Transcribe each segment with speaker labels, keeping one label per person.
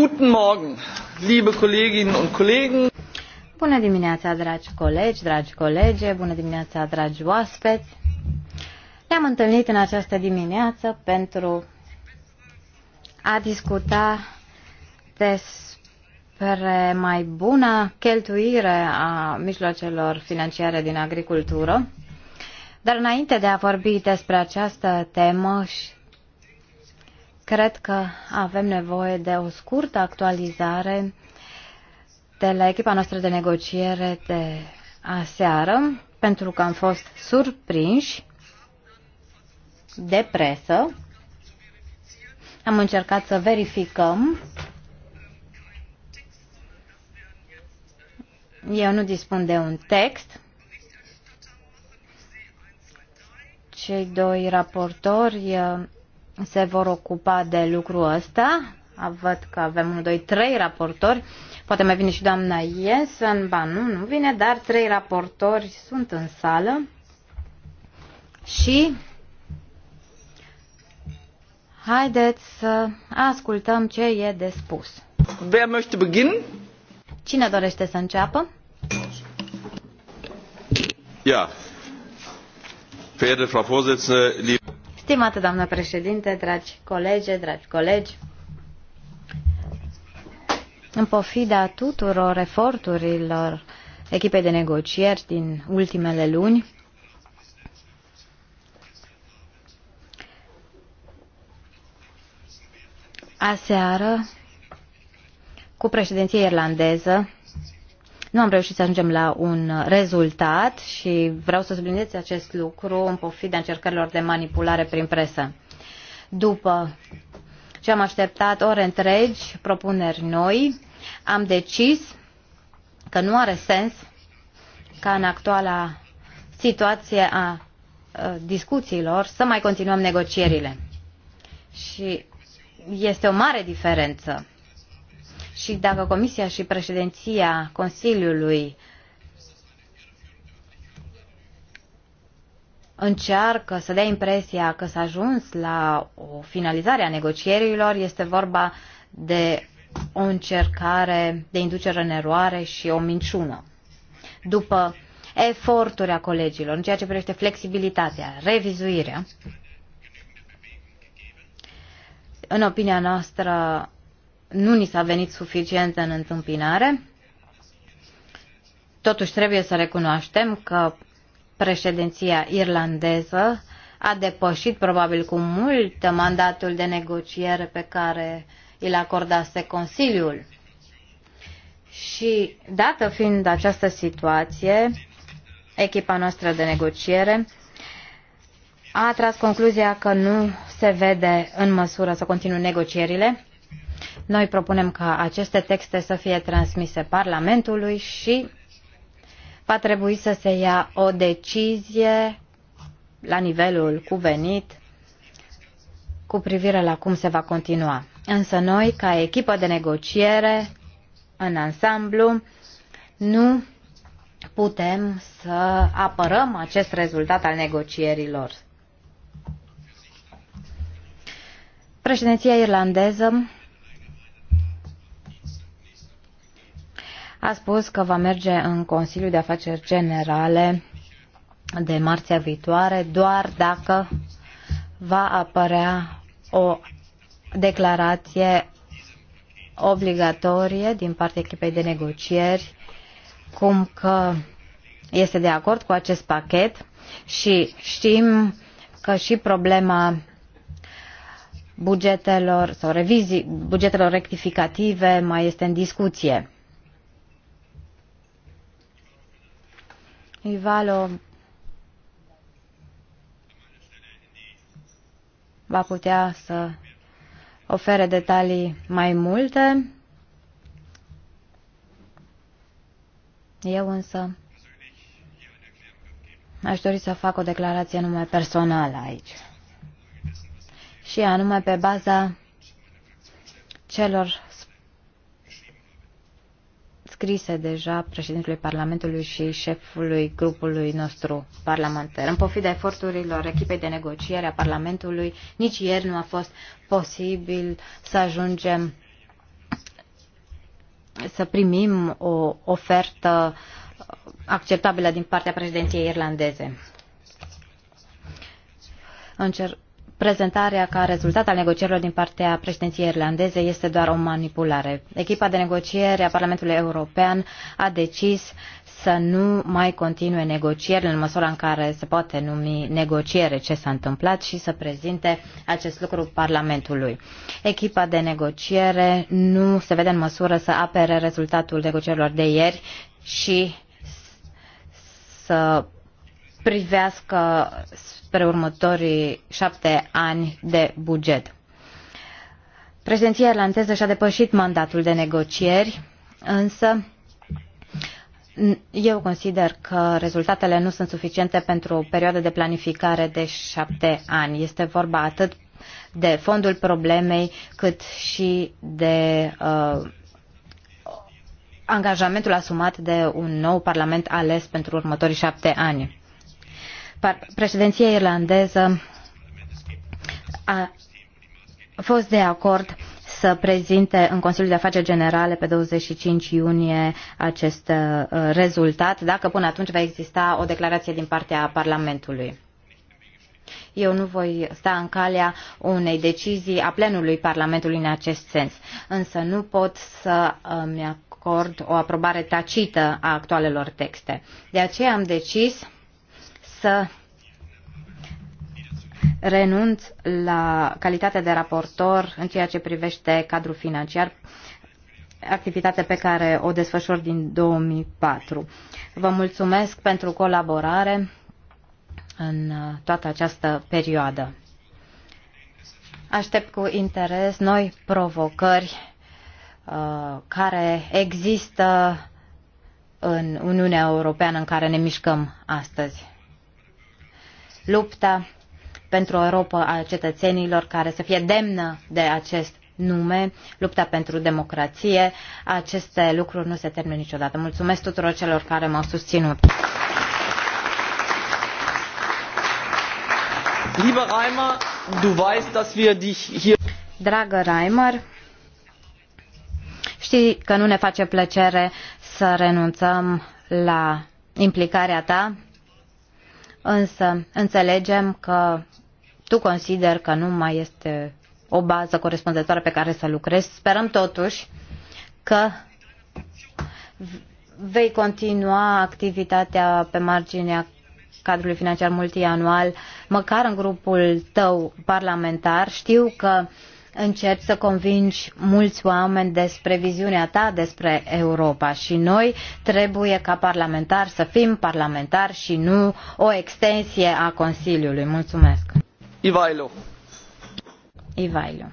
Speaker 1: Guten Morgen,
Speaker 2: liebe Kolleginnen und Kollegen.
Speaker 1: Bună dimineața, dragi colegi, dragi colege, bună dimineața, dragi oaspeți. Ne-am întâlnit în această dimineață pentru a discuta despre mai bună cheltuire a mijloacelor financiare din agricultură. Dar înainte de a vorbi despre această temă și Cred că avem nevoie de o scurtă actualizare de la echipa noastră de negociere de aseară, pentru că am fost surprinși de presă. Am încercat să verificăm. Eu nu dispun de un text. Cei doi raportori se vor ocupa de lucrul ăsta. Văd că avem 1, 2, 3 raportori. Poate mai vine și doamna Jensen. Ba nu, nu vine, dar trei raportori sunt în sală. Și haideți să ascultăm ce e de spus.
Speaker 2: Wer möchte beginnen?
Speaker 1: Cine dorește să înceapă? Ja. Verehrte Frau Vorsitzende, liebe Stimată doamnă președinte, dragi colege, dragi colegi, în pofida tuturor eforturilor echipei de negocieri din ultimele luni, aseară, cu președinția irlandeză, nu am reușit să ajungem la un rezultat și vreau să subliniez acest lucru în pofida încercărilor de manipulare prin presă. După ce am așteptat ore întregi, propuneri noi, am decis că nu are sens ca în actuala situație a discuțiilor să mai continuăm negocierile. Și este o mare diferență și dacă Comisia și președinția Consiliului încearcă să dea impresia că s-a ajuns la o finalizare a negocierilor, este vorba de o încercare de inducere în eroare și o minciună. După eforturile colegilor în ceea ce privește flexibilitatea, revizuirea, în opinia noastră nu ni s-a venit suficient în întâmpinare. Totuși trebuie să recunoaștem că președinția irlandeză a depășit probabil cu mult mandatul de negociere pe care îl acordase Consiliul. Și dată fiind această situație, echipa noastră de negociere a tras concluzia că nu se vede în măsură să continue negocierile noi propunem ca aceste texte să fie transmise Parlamentului și va trebui să se ia o decizie la nivelul cuvenit cu privire la cum se va continua. Însă noi, ca echipă de negociere, în ansamblu, nu putem să apărăm acest rezultat al negocierilor. Președinția irlandeză a spus că va merge în Consiliul de Afaceri Generale de marțea viitoare doar dacă va apărea o declarație obligatorie din partea echipei de negocieri cum că este de acord cu acest pachet și știm că și problema bugetelor sau revizii bugetelor rectificative mai este în discuție. Ivalo va putea să ofere detalii mai multe. Eu însă aș dori să fac o declarație numai personală aici. Și anume pe baza celor scrise deja președintelui Parlamentului și șefului grupului nostru parlamentar. În pofida eforturilor echipei de negociere a Parlamentului, nici ieri nu a fost posibil să ajungem să primim o ofertă acceptabilă din partea președinției irlandeze. Încerc prezentarea ca rezultat al negocierilor din partea președinției irlandeze este doar o manipulare. Echipa de negociere a Parlamentului European a decis să nu mai continue negocierile în măsura în care se poate numi negociere ce s-a întâmplat și să prezinte acest lucru Parlamentului. Echipa de negociere nu se vede în măsură să apere rezultatul negocierilor de ieri și să privească spre următorii șapte ani de buget. Președinția irlandeză și-a depășit mandatul de negocieri, însă eu consider că rezultatele nu sunt suficiente pentru o perioadă de planificare de șapte ani. Este vorba atât de fondul problemei, cât și de uh, angajamentul asumat de un nou parlament ales pentru următorii șapte ani președinția irlandeză a fost de acord să prezinte în Consiliul de Afaceri Generale pe 25 iunie acest uh, rezultat, dacă până atunci va exista o declarație din partea Parlamentului. Eu nu voi sta în calea unei decizii a plenului Parlamentului în acest sens, însă nu pot să mi acord o aprobare tacită a actualelor texte. De aceea am decis să renunț la calitatea de raportor în ceea ce privește cadrul financiar, activitate pe care o desfășor din 2004. Vă mulțumesc pentru colaborare în toată această perioadă. Aștept cu interes noi provocări uh, care există în Uniunea Europeană în care ne mișcăm astăzi lupta pentru o Europa a cetățenilor care să fie demnă de acest nume, lupta pentru democrație. Aceste lucruri nu se termină niciodată. Mulțumesc tuturor celor care m-au susținut.
Speaker 2: Lieber Reimer, du weißt, dass
Speaker 3: wir dich hier...
Speaker 1: Dragă Reimer, știi că nu ne face plăcere să renunțăm la implicarea ta însă înțelegem că tu consider că nu mai este o bază corespunzătoare pe care să lucrezi. Sperăm totuși că vei continua activitatea pe marginea cadrului financiar multianual, măcar în grupul tău parlamentar. Știu că uh, încerci să convingi mulți oameni despre viziunea ta despre Europa și noi trebuie ca parlamentari să fim parlamentari și nu o extensie a Consiliului. Mulțumesc.
Speaker 2: Ivailo.
Speaker 3: Ivailo.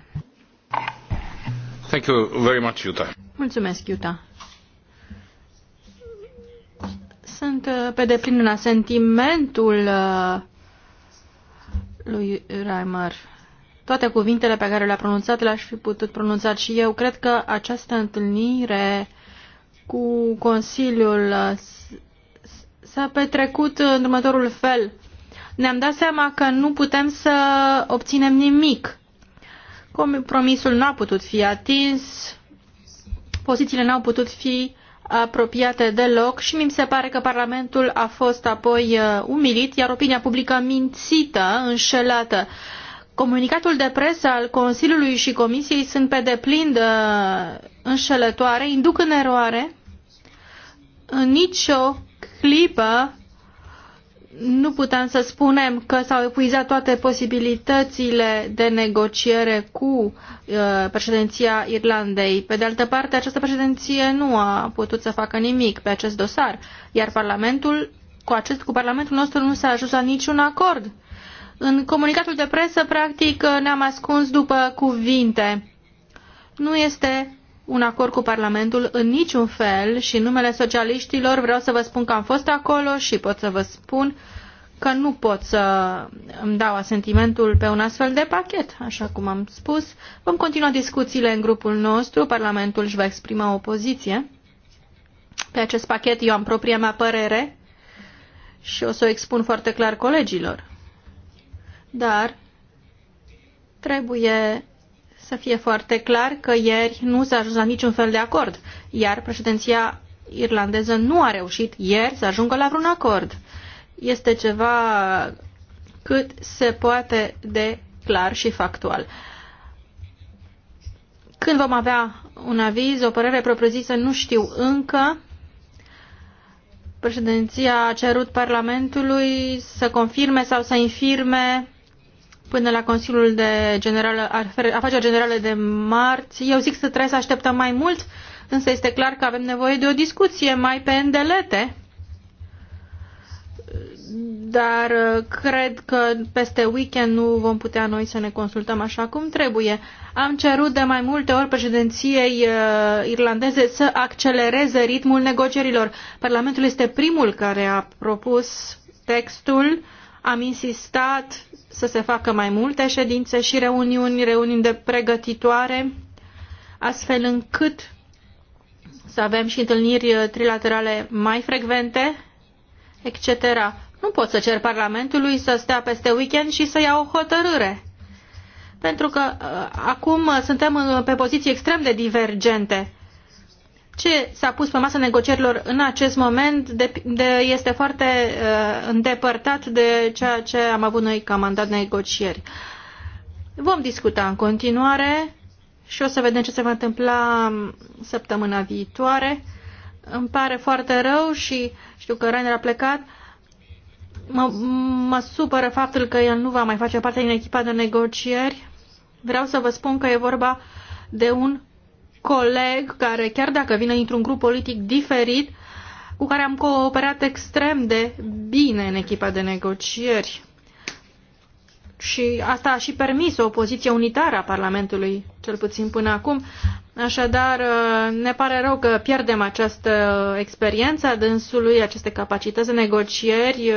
Speaker 1: Thank you very much, Iuta.
Speaker 3: Mulțumesc, Iuta. Sunt uh, pe deplin la sentimentul uh, lui Reimer toate cuvintele pe care le-a pronunțat le-aș fi putut pronunța și eu. Cred că această întâlnire cu Consiliul s-a petrecut în următorul fel. Ne-am dat seama că nu putem să obținem nimic. Compromisul nu a putut fi atins, pozițiile nu au putut fi apropiate deloc și mi se pare că Parlamentul a fost apoi uh, umilit, iar opinia publică mințită, înșelată. Uh, Comunicatul de presă al Consiliului și Comisiei sunt pe deplin uh, înșelătoare, induc în eroare. În nicio clipă nu putem să spunem că s-au epuizat toate posibilitățile de negociere cu uh, președinția Irlandei. Pe de altă parte, această președinție nu a putut să facă nimic pe acest dosar, iar Parlamentul, cu, acest, cu Parlamentul nostru nu s-a ajuns la niciun acord în comunicatul de presă, practic, ne-am ascuns după cuvinte. Nu este un acord cu Parlamentul în niciun fel și în numele socialiștilor vreau să vă spun că am fost acolo și pot să vă spun că nu pot să îmi dau asentimentul pe un astfel de pachet, așa cum am spus. Vom continua discuțiile în grupul nostru, Parlamentul își va exprima o poziție. Pe acest pachet eu am propria mea părere și o să o expun foarte clar colegilor dar trebuie să fie foarte clar că ieri nu s-a ajuns la niciun fel de acord, iar președinția irlandeză nu a reușit ieri să ajungă la vreun acord. Este ceva cât se poate de clar și factual. Când vom avea un aviz, o părere propriu-zisă, nu știu încă. Președinția a cerut Parlamentului să confirme sau să infirme până la Consiliul de General, Afaceri Generale de marți. Eu zic să trebuie să așteptăm mai mult, însă este clar că avem nevoie de o discuție mai pe îndelete. Dar uh, cred că peste weekend nu vom putea noi să ne consultăm așa cum trebuie. Am cerut de mai multe ori președinției uh, irlandeze să accelereze ritmul negocierilor. Parlamentul este primul care a propus textul am insistat să se facă mai multe ședințe și reuniuni, reuniuni de pregătitoare, astfel încât să avem și întâlniri uh, trilaterale mai frecvente, etc. Nu pot să cer Parlamentului să stea peste weekend și să ia o hotărâre. Pentru că uh, acum uh, suntem pe poziții extrem de divergente ce s-a pus pe masa negocierilor în acest moment de, de, este foarte uh, îndepărtat de ceea ce am avut noi ca mandat negocieri. Vom discuta în continuare și o să vedem ce se va întâmpla săptămâna viitoare. Îmi pare foarte rău și știu că Rainer a plecat. Mă, mă supără faptul că el nu va mai face parte din echipa de negocieri. Vreau să vă spun că e vorba de un coleg care, chiar dacă vine dintr-un grup politic diferit, cu care am cooperat extrem de bine în echipa de negocieri. Și asta a și permis o poziție unitară a Parlamentului, cel puțin până acum. Așadar, ne pare rău că pierdem această experiență a dânsului, aceste capacități de negocieri.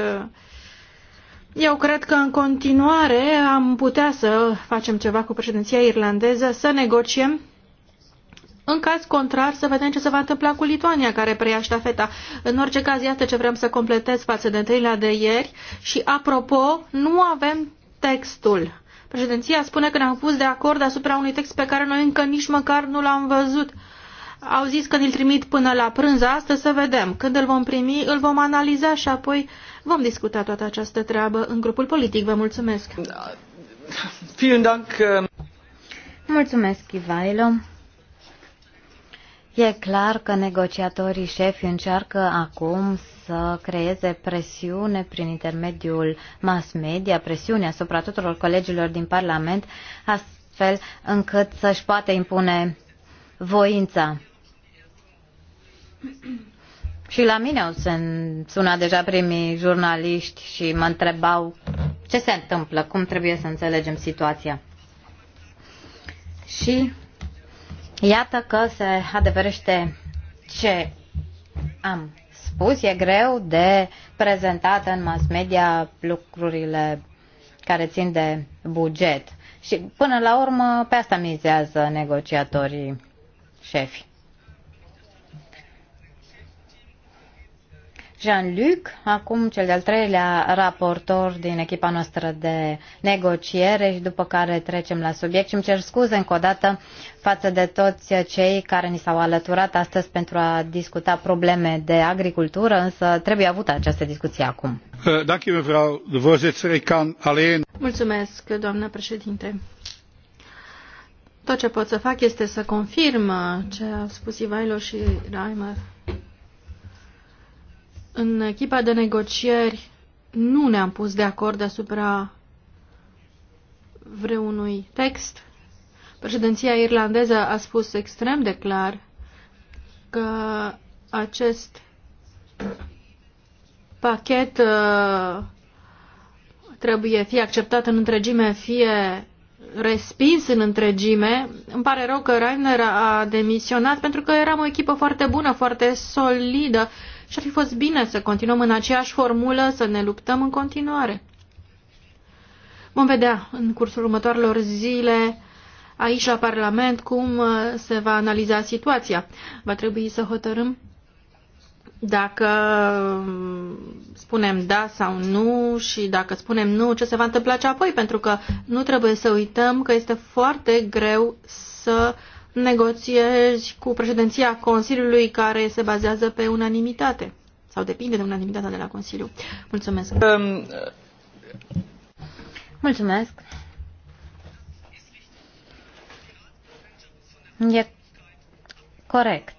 Speaker 3: Eu cred că în continuare am putea să facem ceva cu președinția irlandeză, să negociem în caz contrar, să vedem ce se va întâmpla cu Lituania, care preia ștafeta. În orice caz, iată ce vrem să completez față de întâlnirea de ieri. Și, apropo, nu avem textul. Președinția spune că ne-am pus de acord asupra unui text pe care noi încă nici măcar nu l-am văzut. Au zis că îl trimit până la prânz astăzi să vedem. Când îl vom primi, îl vom analiza și apoi vom discuta toată această treabă în grupul politic. Vă mulțumesc! Vielen Dank! Uh, mulțumesc, Ivailo! E clar
Speaker 1: că negociatorii șefi încearcă acum să creeze presiune prin intermediul mass media, presiune asupra tuturor colegilor din Parlament, astfel încât să-și poată impune voința. Și la mine au sunat deja primii jurnaliști și mă întrebau ce se întâmplă, cum trebuie să înțelegem situația. Și Iată că se adeverește ce am spus. E greu de prezentat în mass media lucrurile care țin de buget. Și până la urmă pe asta mizează negociatorii șefi. Jean-Luc, acum cel de-al treilea raportor din echipa noastră de negociere și după care trecem la subiect și îmi cer scuze încă o dată față de toți cei care ni s-au alăturat astăzi pentru a discuta probleme de agricultură, însă trebuie avută această discuție acum.
Speaker 2: Eh,
Speaker 3: Mulțumesc, doamnă președinte. Tot ce pot să fac este să confirm eh, ce au spus Ivailo și Reimer în echipa de negocieri nu ne-am pus de acord asupra vreunui text. Președinția irlandeză a spus extrem de clar că acest pachet uh, trebuie fie acceptat în întregime, fie respins în întregime. Îmi pare rău că Rainer a demisionat pentru că eram o echipă foarte bună, foarte solidă și ar fi fost bine să continuăm în aceeași formulă, să ne luptăm în continuare. Vom vedea în cursul următoarelor zile aici la Parlament cum uh, se va analiza situația. Va trebui să hotărâm dacă um, spunem da sau nu și dacă spunem nu, ce se va întâmpla ce apoi, pentru că nu trebuie să uităm că este foarte greu să negociezi cu președinția Consiliului care se bazează pe unanimitate sau depinde de unanimitatea de la Consiliu. Mulțumesc.
Speaker 1: Um, Mulțumesc. E corect.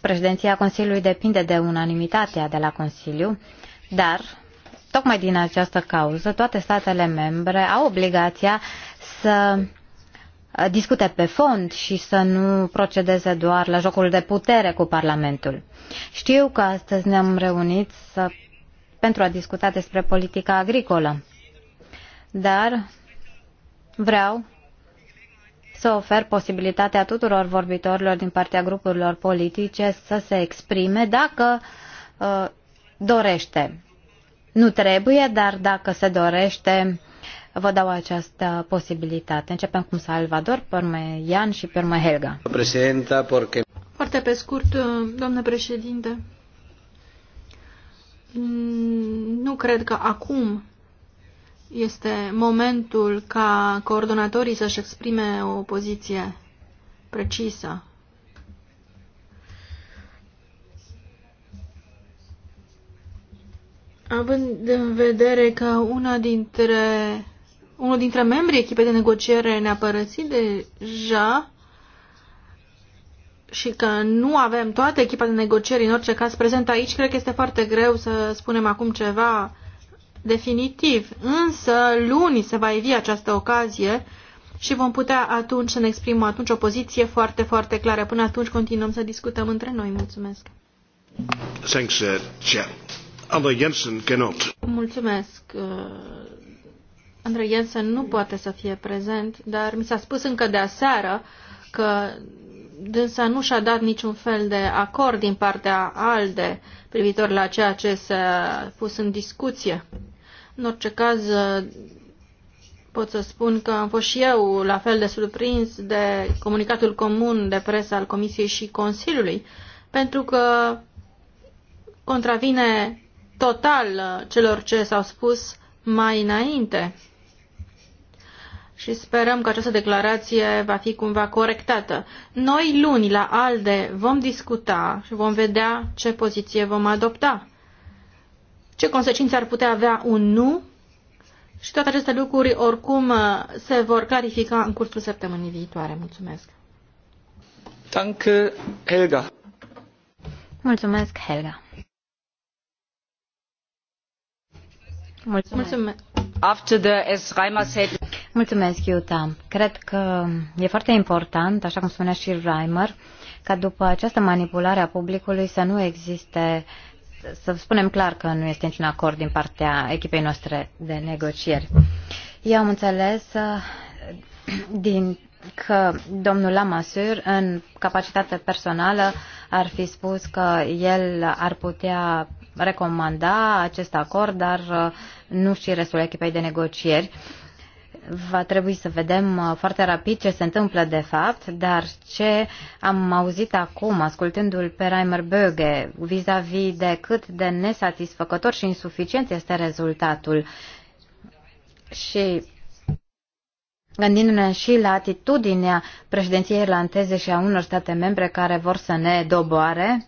Speaker 1: Președinția Consiliului depinde de unanimitatea de la Consiliu, dar tocmai din această cauză toate statele membre au obligația să discute pe fond și să nu procedeze doar la jocul de putere cu Parlamentul. Știu că astăzi ne-am reunit să, pentru a discuta despre politica agricolă, dar vreau să ofer posibilitatea tuturor vorbitorilor din partea grupurilor politice să se exprime dacă uh, dorește. Nu trebuie, dar dacă se dorește vă dau această posibilitate. Începem cu Salvador, pe urmă Ian și pe urmă Helga.
Speaker 3: Președinta,
Speaker 1: Foarte pe scurt,
Speaker 3: doamnă președinte, nu cred că acum este momentul ca coordonatorii să-și exprime o poziție precisă. Având în vedere că una dintre unul dintre membrii echipei de negociere ne-a părăsit deja și că nu avem toată echipa de negocieri în orice caz prezent aici, cred că este foarte greu să spunem acum ceva definitiv. Însă luni se va evi această ocazie și vom putea atunci să ne exprimăm atunci o poziție foarte, foarte clară. Până atunci continuăm să discutăm între noi. Mulțumesc.
Speaker 1: Thanks, uh, Chair. Jensen cannot.
Speaker 3: Mulțumesc, uh, Andrei Jensen nu poate să fie prezent, dar mi s-a spus încă de aseară că dânsa nu și-a dat niciun fel de acord din partea ALDE privitor la ceea ce s-a pus în discuție. În orice caz, pot să spun că am fost și eu la fel de surprins de comunicatul comun de presă al Comisiei și Consiliului, pentru că contravine total celor ce s-au spus mai înainte și sperăm că această declarație va fi cumva corectată. Noi luni la ALDE vom discuta și vom vedea ce poziție vom adopta, ce consecințe ar putea avea un nu și toate aceste lucruri oricum se vor clarifica în cursul săptămânii viitoare. Mulțumesc!
Speaker 2: Danke, Helga!
Speaker 3: Mulțumesc, Helga! Mulțumesc! Mulțumesc. After the, Reimer said,
Speaker 1: Mulțumesc, Iuta. Cred că e foarte important, așa cum spunea și Reimer, ca după această manipulare a publicului să nu existe, să spunem clar că nu este niciun acord din partea echipei noastre de negocieri. Eu am înțeles uh, din că domnul Lamasur, în capacitate personală, ar fi spus că el ar putea recomanda acest acord, dar uh, nu și restul echipei de negocieri va trebui să vedem uh, foarte rapid ce se întâmplă de fapt, dar ce am auzit acum, ascultându-l pe Reimer Böge, vis-a-vis de cât de nesatisfăcător și insuficient este rezultatul și gândindu-ne și la atitudinea președinției irlandeze și a unor state membre care vor să ne doboare,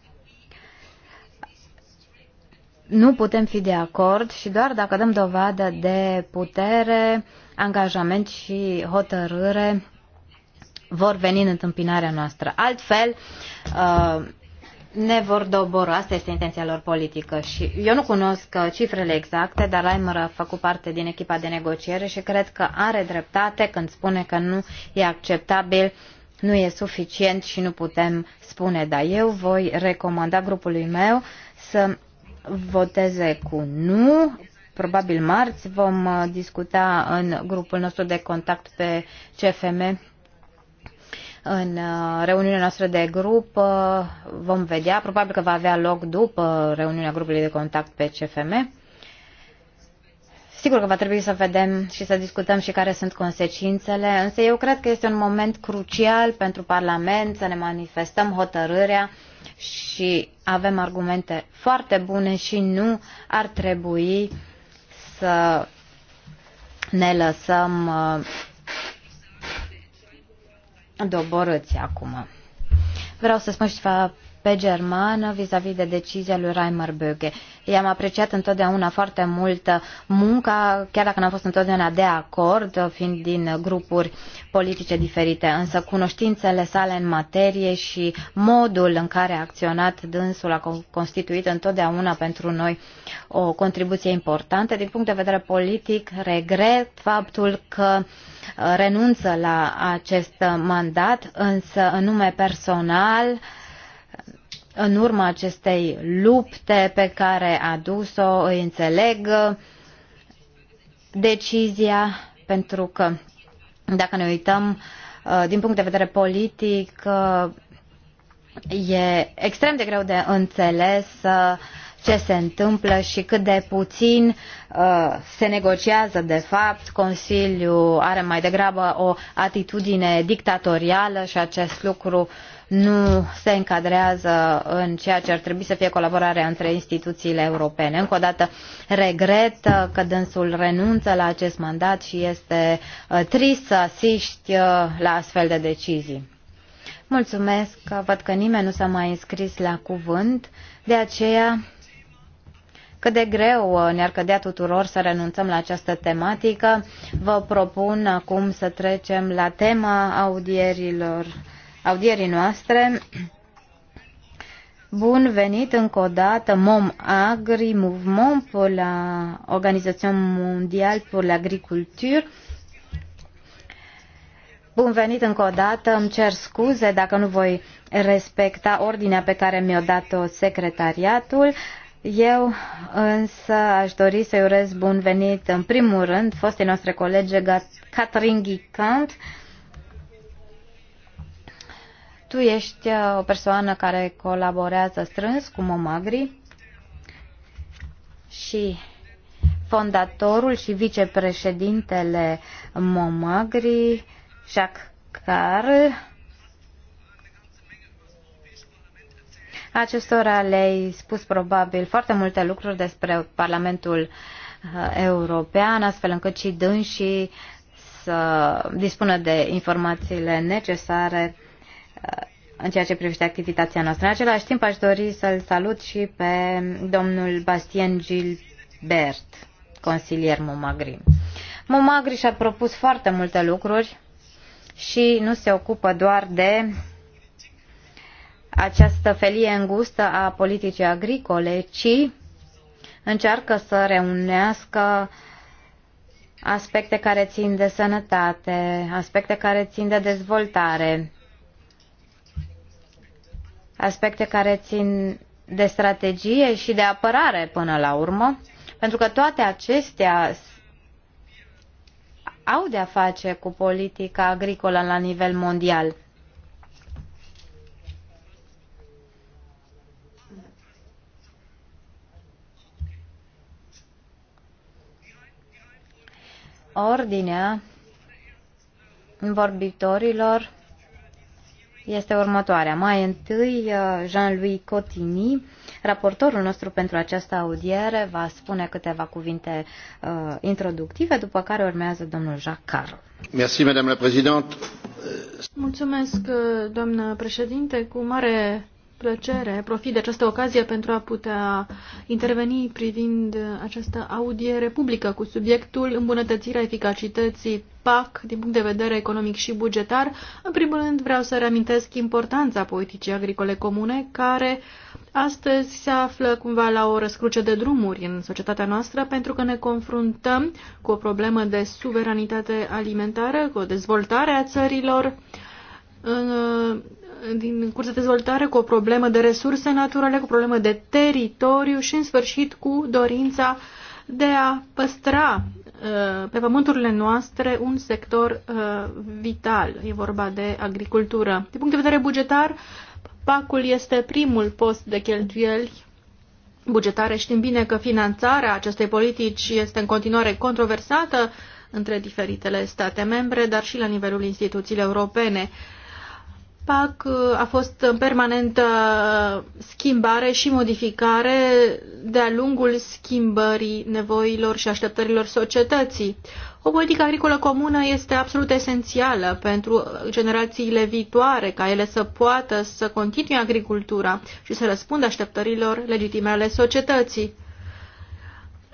Speaker 1: nu putem fi de acord și doar dacă dăm dovadă de putere, angajament și hotărâre vor veni în întâmpinarea noastră. Altfel, uh, ne vor dobora. Asta este intenția lor politică. Și eu nu cunosc uh, cifrele exacte, dar Reimer a făcut parte din echipa de negociere și cred că are dreptate când spune că nu e acceptabil, nu e suficient și nu putem spune da. Eu voi recomanda grupului meu să voteze cu nu. Probabil marți vom uh, discuta în grupul nostru de contact pe CFM. În uh, reuniunea noastră de grup uh, vom vedea, probabil că va avea loc după reuniunea grupului de contact pe CFM. Sigur că va trebui să vedem și să discutăm și care sunt consecințele, însă eu cred că este un moment crucial pentru Parlament să ne manifestăm hotărârea și avem argumente foarte bune și nu ar trebui să ne lăsăm uh, doborâți acum. Vreau să spun și ceva pe germană vis-a-vis -vis de decizia lui Reimer Böge. I-am apreciat întotdeauna foarte mult munca, chiar dacă n-am fost întotdeauna de acord, fiind din grupuri politice diferite, însă cunoștințele sale în materie și modul în care a acționat dânsul a constituit întotdeauna pentru noi o contribuție importantă. Din punct de vedere politic, regret faptul că uh, renunță la acest mandat, însă în nume personal, în urma acestei lupte pe care a dus-o, îi înțeleg uh, decizia, pentru că dacă ne uităm uh, din punct de vedere politic, uh, e extrem de greu de înțeles ce se întâmplă și cât de puțin se negociază de fapt. Consiliul are mai degrabă o atitudine dictatorială și acest lucru uh, nu se încadrează în ceea ce ar trebui să fie colaborarea între instituțiile europene. Încă o dată regret că dânsul renunță la acest mandat și este uh, trist să asiști uh, la astfel de decizii. Mulțumesc, văd că nimeni nu s-a mai înscris la cuvânt, de aceea cât de greu uh, ne-ar cădea tuturor să renunțăm la această tematică. Vă propun acum să trecem la tema audierilor audierii noastre. Bun venit încă o dată MOM Agri, Mouvement pour la Organisation Mondiale pour l'Agriculture. Bun venit încă o dată, îmi cer scuze dacă nu voi respecta ordinea pe care mi a dat-o secretariatul. Eu însă aș dori să-i urez bun venit în primul rând fostei noastre colege Catherine uh, tu ești uh, o persoană care colaborează strâns cu Momagri și fondatorul și vicepreședintele Momagri, Jacques Carl, Acestora le-ai spus probabil foarte multe lucruri despre Parlamentul uh, European, astfel încât și dânsii să dispună de informațiile necesare în ceea ce privește activitatea noastră. În același timp aș dori să-l salut și pe domnul Bastien Gilbert, consilier Mumagri. Mumagri și-a propus foarte multe lucruri și nu se ocupă doar de această felie îngustă a politicii agricole, ci încearcă să reunească aspecte care țin de sănătate, aspecte care țin de dezvoltare, aspecte care țin de strategie și de apărare până la urmă, pentru că toate acestea au de-a face cu politica agricolă la nivel mondial. Ordinea vorbitorilor este următoarea. Mai întâi, uh, Jean-Louis Cotini, raportorul nostru pentru această audiere, va spune câteva cuvinte uh, introductive, după care urmează domnul Jacques Carl. Merci, madame la
Speaker 3: Mulțumesc, uh, doamnă președinte. Cu mare plăcere profit de această ocazie pentru a putea interveni privind această audiere publică cu subiectul îmbunătățirea eficacității PAC din punct de vedere economic și bugetar. În primul rând vreau să reamintesc importanța politicii agricole comune care astăzi se află cumva la o răscruce de drumuri în societatea noastră pentru că ne confruntăm cu o problemă de suveranitate alimentară, cu o dezvoltare a țărilor, în din curs de dezvoltare cu o problemă de resurse naturale, cu o problemă de teritoriu și, în sfârșit, cu dorința de a păstra uh, pe pământurile noastre un sector uh, vital. E vorba de agricultură. Din punct de vedere bugetar, PAC-ul este primul post de cheltuieli bugetare. Știm bine că finanțarea acestei politici este în continuare controversată între diferitele state membre, dar și la nivelul instituțiilor europene. PAC uh, a fost în permanentă uh, schimbare și modificare de-a lungul schimbării nevoilor și așteptărilor societății. O politică agricolă comună este absolut esențială pentru generațiile viitoare, ca ele să poată să continue agricultura și să răspundă așteptărilor legitime ale societății.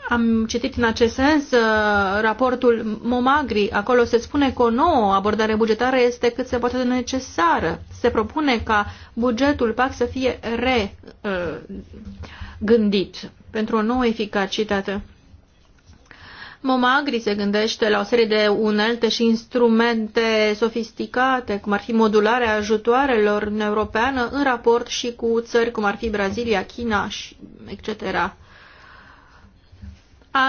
Speaker 3: Am citit în acest sens uh, raportul Momagri. Acolo se spune că o nouă abordare bugetară este cât se poate de necesară. Se propune ca bugetul PAC să fie regândit pentru o nouă eficacitate. Momagri se gândește la o serie de unelte și instrumente sofisticate, cum ar fi modularea ajutoarelor în europeană în raport și cu țări cum ar fi Brazilia, China, și etc.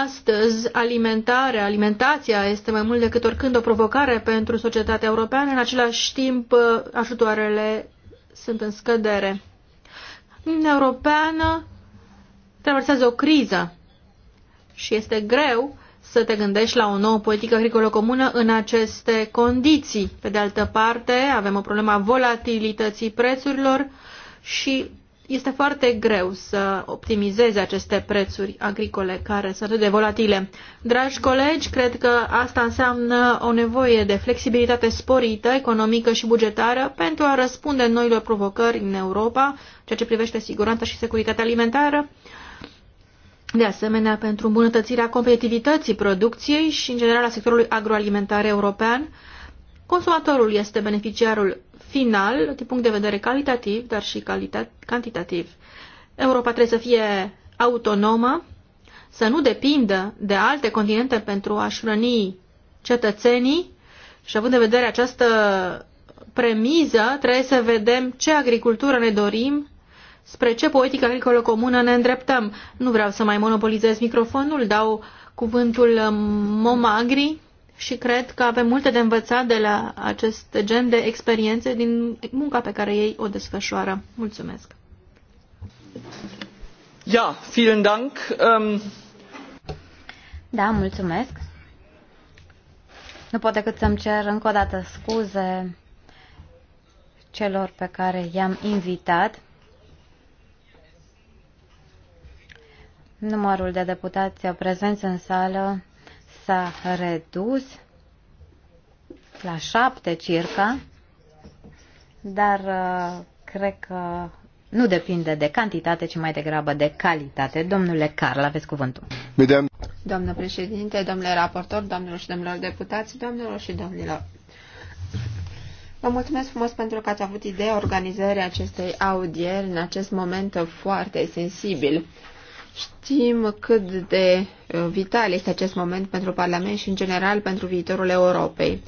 Speaker 3: Astăzi, alimentarea, alimentația este mai mult decât oricând o provocare pentru societatea europeană, în același timp ajutoarele sunt în scădere. Uniunea Europeană traversează o criză și este greu să te gândești la o nouă politică agricolă comună în aceste condiții. Pe de altă parte, avem o problemă a volatilității prețurilor și este foarte greu să optimizezi aceste prețuri agricole care sunt atât de volatile. Dragi colegi, cred că asta înseamnă o nevoie de flexibilitate sporită, economică și bugetară pentru a răspunde noilor provocări în Europa, ceea ce privește siguranța și securitatea alimentară. De asemenea, pentru îmbunătățirea competitivității producției și, în general, a sectorului agroalimentar european, consumatorul este beneficiarul final, din punct de vedere calitativ, dar și cantitativ. Europa trebuie să fie autonomă, să nu depindă de alte continente pentru a-și răni cetățenii și având în vedere această premiză, trebuie să vedem ce agricultură ne dorim, spre ce politică agricolă comună ne îndreptăm. Nu vreau să mai monopolizez microfonul, dau cuvântul um, Momagri și cred că avem multe de învățat de la acest gen de experiențe din munca pe care ei o desfășoară. Mulțumesc! Ja, vielen Dank. Um... Da,
Speaker 1: mulțumesc. Nu pot decât să-mi cer încă o dată scuze celor pe care i-am invitat. Numărul de deputați prezenți în sală s-a redus la șapte circa, dar uh, cred că nu depinde de cantitate, ci mai degrabă de calitate. Domnule Carl, aveți cuvântul. Vedem.
Speaker 2: Doamnă președinte, domnule raportor, doamnelor și domnilor deputați, doamnelor și domnilor. Vă mulțumesc frumos pentru că ați avut ideea organizării acestei audieri în acest moment foarte sensibil. Știm cât de uh, vital este acest moment pentru Parlament și, în general, pentru viitorul Europei.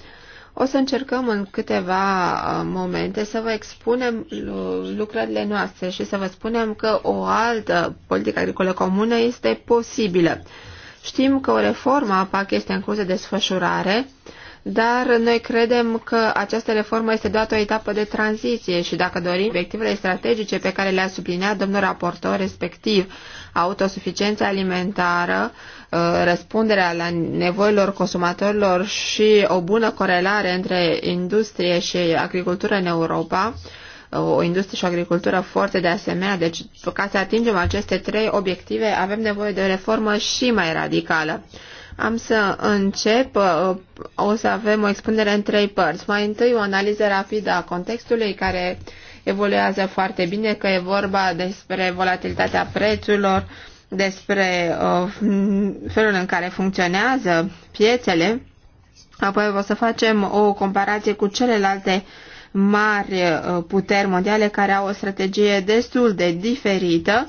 Speaker 2: O să încercăm în câteva uh, momente să vă expunem uh, lucrările noastre și să vă spunem că o altă politică agricolă comună este posibilă. Știm că o reformă a PAC este în curs de desfășurare, dar noi credem că această reformă este doar o etapă de tranziție și dacă dorim obiectivele strategice pe care le-a subliniat domnul raportor, respectiv autosuficiența alimentară, uh, răspunderea la nevoilor consumatorilor și o bună corelare între industrie și agricultură în Europa, uh, o industrie și o agricultură foarte de asemenea. Deci, ca să atingem aceste trei obiective, avem nevoie de o reformă și mai radicală. Am să încep. Uh, o să avem o expunere în trei părți. Mai întâi o analiză rapidă a contextului care evoluează foarte bine, că e vorba despre volatilitatea prețurilor, despre uh, felul în care funcționează piețele. Apoi o să facem o comparație cu celelalte mari uh, puteri mondiale care au o strategie destul de diferită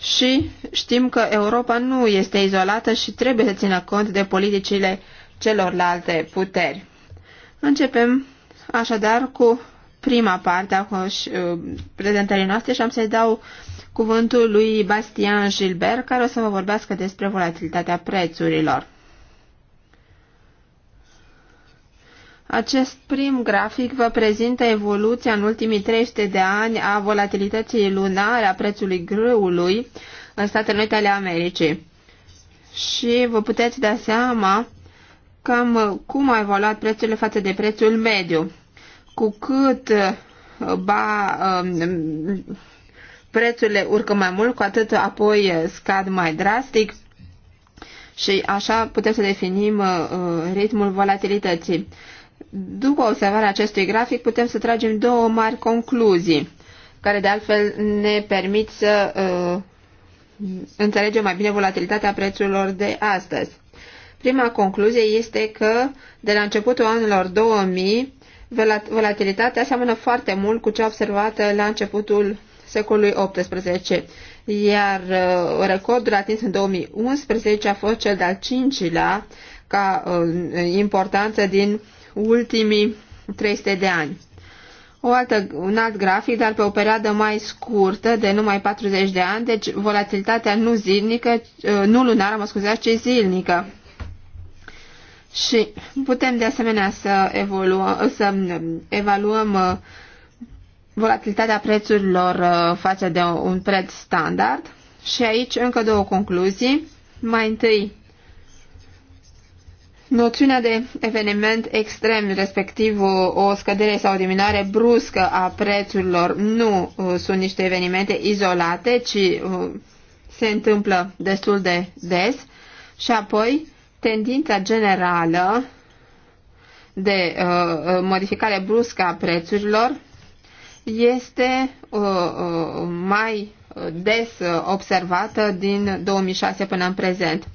Speaker 2: și știm că Europa nu este izolată și trebuie să țină cont de politicile celorlalte puteri. Începem așadar cu prima parte a uh, prezentării noastre și am să-i dau cuvântul lui Bastian Gilbert, care o să vă vorbească despre volatilitatea prețurilor. Acest prim grafic vă prezintă evoluția în ultimii 300 de ani a volatilității lunare a prețului grâului în Statele Unite ale Americii. Și vă puteți da seama cam cum a evoluat prețurile față de prețul mediu. Cu cât ba, um, prețurile urcă mai mult, cu atât apoi scad mai drastic și așa putem să definim uh, ritmul volatilității. După observarea acestui grafic putem să tragem două mari concluzii, care de altfel ne permit să uh, înțelegem mai bine volatilitatea prețurilor de astăzi. Prima concluzie este că de la începutul anilor 2000, volatilitatea seamănă foarte mult cu cea observată la începutul secolului XVIII, iar uh, recordul atins în 2011 a fost cel de-al cincilea ca uh, importanță din ultimii 300 de ani. O altă, un alt grafic, dar pe o perioadă mai scurtă, de numai 40 de ani, deci volatilitatea nu zilnică, uh, nu lunară, mă scuzați, ci zilnică. Și putem de asemenea să, evoluăm, să um, evaluăm uh, volatilitatea prețurilor uh, față de un preț standard. Și aici încă două concluzii. Mai întâi, Noțiunea de eveniment extrem, respectiv o scădere sau o diminuare bruscă a prețurilor, nu uh, sunt niște evenimente izolate, ci uh, se întâmplă destul de des. Și apoi, tendința generală de uh, uh modificare bruscă a prețurilor este uh, uh, mai des observată din 2006 până în prezent.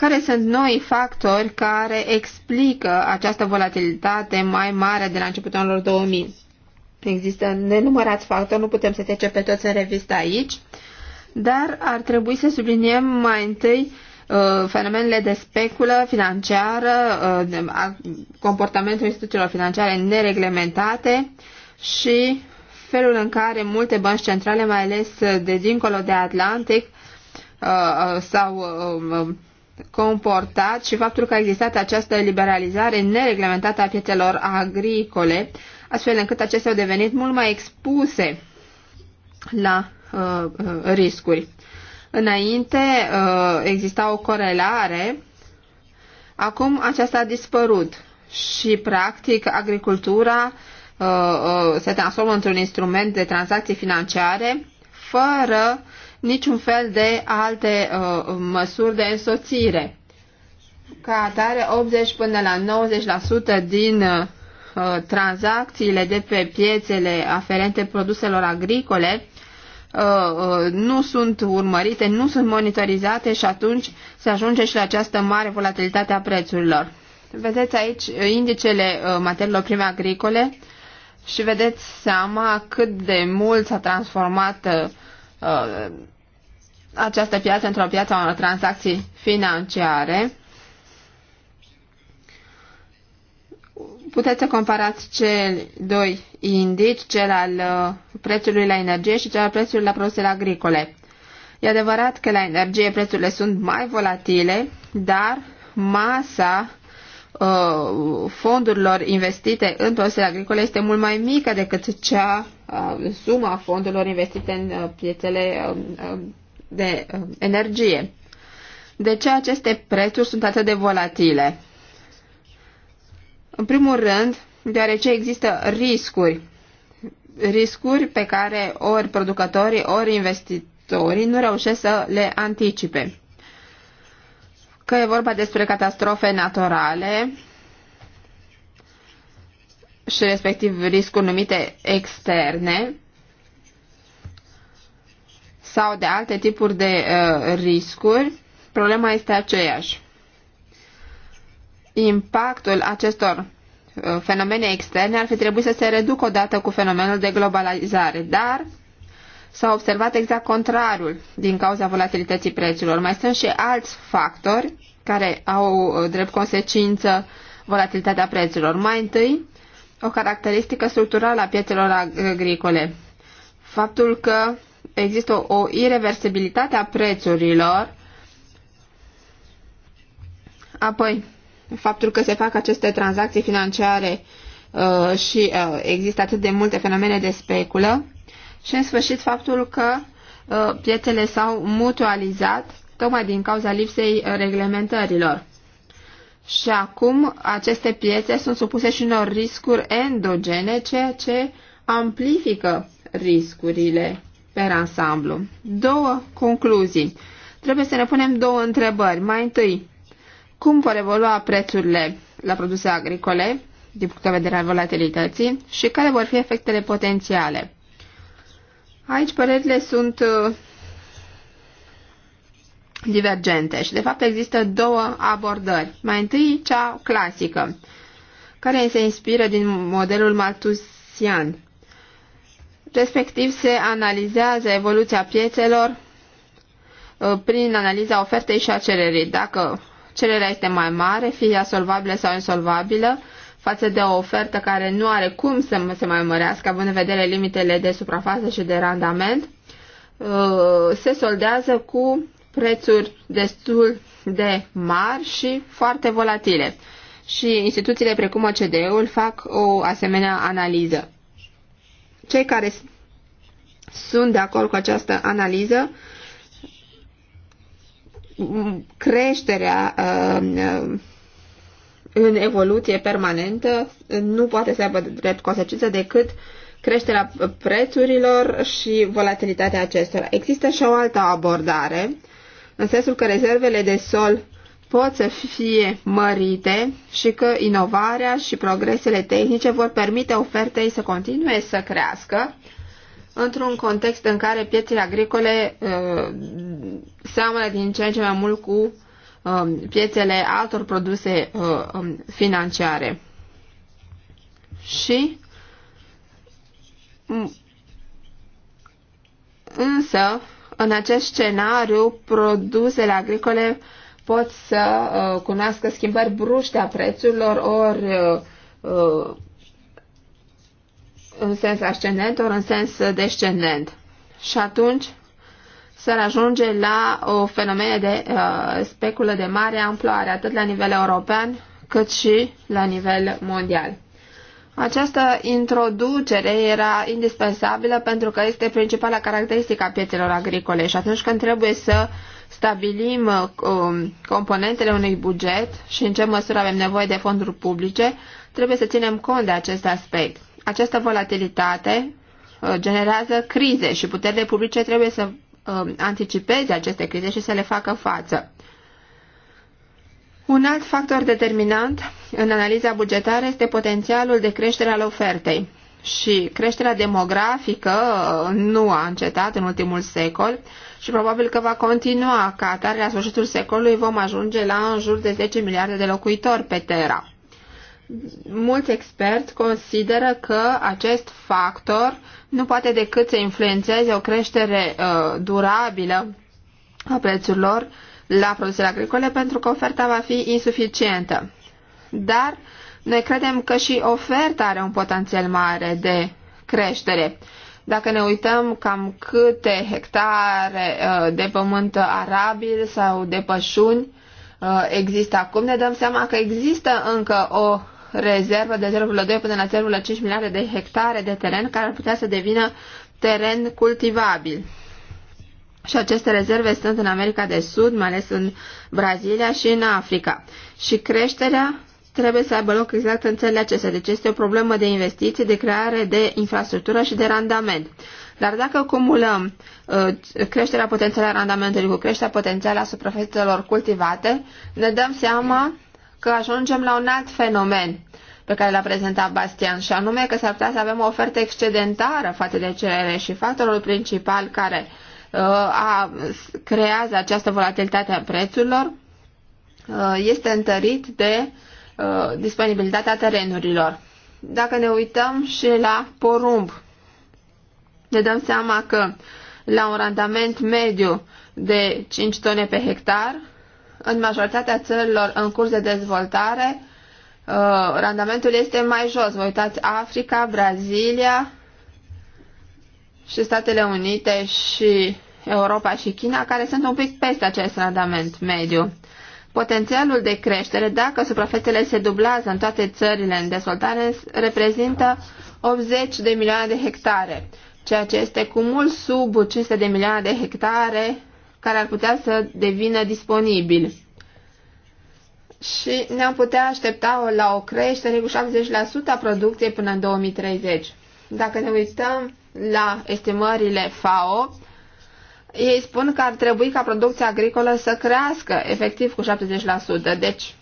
Speaker 2: Care sunt noi factori care explică această volatilitate mai mare de la începutul anilor 2000? Există nenumărați factori, nu putem să trecem pe toți în revistă aici, dar ar trebui să subliniem mai întâi uh, fenomenele de speculă financiară, uh, comportamentul instituțiilor financiare nereglementate și felul în care multe bănci centrale, mai ales de dincolo de Atlantic, uh, uh sau uh, comportat și faptul că a existat această liberalizare nereglementată a piețelor agricole, astfel încât acestea au devenit mult mai expuse la uh, uh, riscuri. Înainte uh, exista o corelare, acum aceasta a dispărut și, practic, agricultura uh, uh, se transformă într-un instrument de tranzacții financiare fără niciun fel de alte uh, măsuri de însoțire. Ca atare, 80 până la 90% din uh, tranzacțiile de pe piețele aferente produselor agricole uh, uh, nu sunt urmărite, nu sunt monitorizate și atunci se ajunge și la această mare volatilitate a prețurilor. Vedeți aici indicele uh, materiilor prime agricole și vedeți seama cât de mult s-a transformat uh, uh, această piață într-o piață a unor tranzacții financiare. Puteți să comparați cei doi indici, cel al uh, prețului la energie și cel al prețului la produsele agricole. E adevărat că la energie prețurile sunt mai volatile, dar masa Uh, fondurilor investite în produsele agricole este mult mai mică decât cea uh, suma fondurilor investite în uh, piețele um, um, de um, energie. De ce aceste prețuri sunt atât de volatile? În primul rând, deoarece există riscuri. Riscuri pe care ori producătorii, ori investitorii nu reușesc să le anticipe că e vorba despre catastrofe naturale și respectiv riscuri numite externe sau de alte tipuri de uh, riscuri, problema este aceeași. Impactul acestor uh, fenomene externe ar fi trebuit să se reducă odată cu fenomenul de globalizare, dar s-a observat exact contrarul din cauza volatilității prețurilor. Mai sunt și alți factori care au uh, drept consecință volatilitatea prețurilor. Mai întâi, o caracteristică structurală a piețelor agricole. Faptul că există o irreversibilitate a prețurilor, apoi faptul că se fac aceste tranzacții financiare uh, și uh, există atât de multe fenomene de speculă, și, în sfârșit, faptul că uh, piețele s-au mutualizat tocmai din cauza lipsei uh, reglementărilor. Și acum aceste piețe sunt supuse și unor riscuri endogene, ceea ce amplifică riscurile pe ansamblu. Două concluzii. Trebuie să ne punem două întrebări. Mai întâi, cum vor evolua prețurile la produse agricole din punct de vedere al volatilității și care vor fi efectele potențiale? Aici părerile sunt uh, divergente și de fapt există două abordări. Mai întâi cea clasică, care se inspiră din modelul Malthusian, Respectiv se analizează evoluția piețelor uh, prin analiza ofertei și a cererii. Dacă cererea este mai mare, fie ea solvabilă sau insolvabilă, față de o ofertă care nu are cum să se mai mărească, având în vedere limitele de suprafață și de randament, uh, se soldează cu prețuri destul de mari și foarte volatile. Și instituțiile precum OCDE-ul fac o asemenea analiză. Cei care sunt de acord cu această analiză, creșterea uh, uh în evoluție permanentă nu poate să aibă drept consecință decât creșterea prețurilor și volatilitatea acestora. Există și o altă abordare, în sensul că rezervele de sol pot să fie mărite și că inovarea și progresele tehnice vor permite ofertei să continue să crească într-un context în care piețele agricole uh, seamănă din ce în ce mai mult cu Um, piețele altor produse uh, um, financiare. Și însă, în acest scenariu, produsele agricole pot să uh, cunoască schimbări bruște a prețurilor, ori uh, în sens ascendent, ori în sens descendent. Și atunci, să ajunge la o fenomene de uh, speculă de mare amploare, atât la nivel european cât și la nivel mondial. Această introducere era indispensabilă pentru că este principala caracteristică a piețelor agricole și atunci când trebuie să stabilim uh, um, componentele unui buget și în ce măsură avem nevoie de fonduri publice, trebuie să ținem cont de acest aspect. Această volatilitate uh, generează crize și puterile publice trebuie să Um, anticipeze aceste crize și să le facă față. Un alt factor determinant în analiza bugetară este potențialul de creștere al ofertei. Și creșterea demografică uh, nu a încetat în ultimul secol și probabil că va continua ca atare la sfârșitul secolului vom ajunge la în jur de 10 miliarde de locuitori pe Terra mulți experți consideră că acest factor nu poate decât să influențeze o creștere uh, durabilă a prețurilor la produsele agricole pentru că oferta va fi insuficientă. Dar noi credem că și oferta are un potențial mare de creștere. Dacă ne uităm cam câte hectare uh, de pământ arabil sau de pășuni uh, există acum, ne dăm seama că există încă o rezervă de 0,2 până la 0,5 miliarde de hectare de teren care ar putea să devină teren cultivabil. Și aceste rezerve sunt în America de Sud, mai ales în Brazilia și în Africa. Și creșterea trebuie să aibă loc exact în țările acestea. Deci este o problemă de investiții, de creare de infrastructură și de randament. Dar dacă cumulăm uh, creșterea potențială a randamentului cu creșterea potențială a suprafețelor cultivate, ne dăm seama că ajungem la un alt fenomen pe care l-a prezentat Bastian, și anume că s-ar putea să avem o ofertă excedentară față de cerere și factorul principal care uh, a, creează această volatilitate a prețurilor uh, este întărit de uh, disponibilitatea terenurilor. Dacă ne uităm și la porumb, ne dăm seama că la un randament mediu de 5 tone pe hectar, în majoritatea țărilor în curs de dezvoltare, uh, randamentul este mai jos. Vă uitați Africa, Brazilia și Statele Unite și Europa și China, care sunt un pic peste acest randament mediu. Potențialul de creștere, dacă suprafețele se dublează în toate țările în dezvoltare, reprezintă 80 de milioane de hectare, ceea ce este cu mult sub 500 de milioane de hectare care ar putea să devină disponibil. Și ne-am putea aștepta la o creștere cu 70% a producției până în 2030. Dacă ne uităm la estimările FAO, ei spun că ar trebui ca producția agricolă să crească efectiv cu 70%. Deci,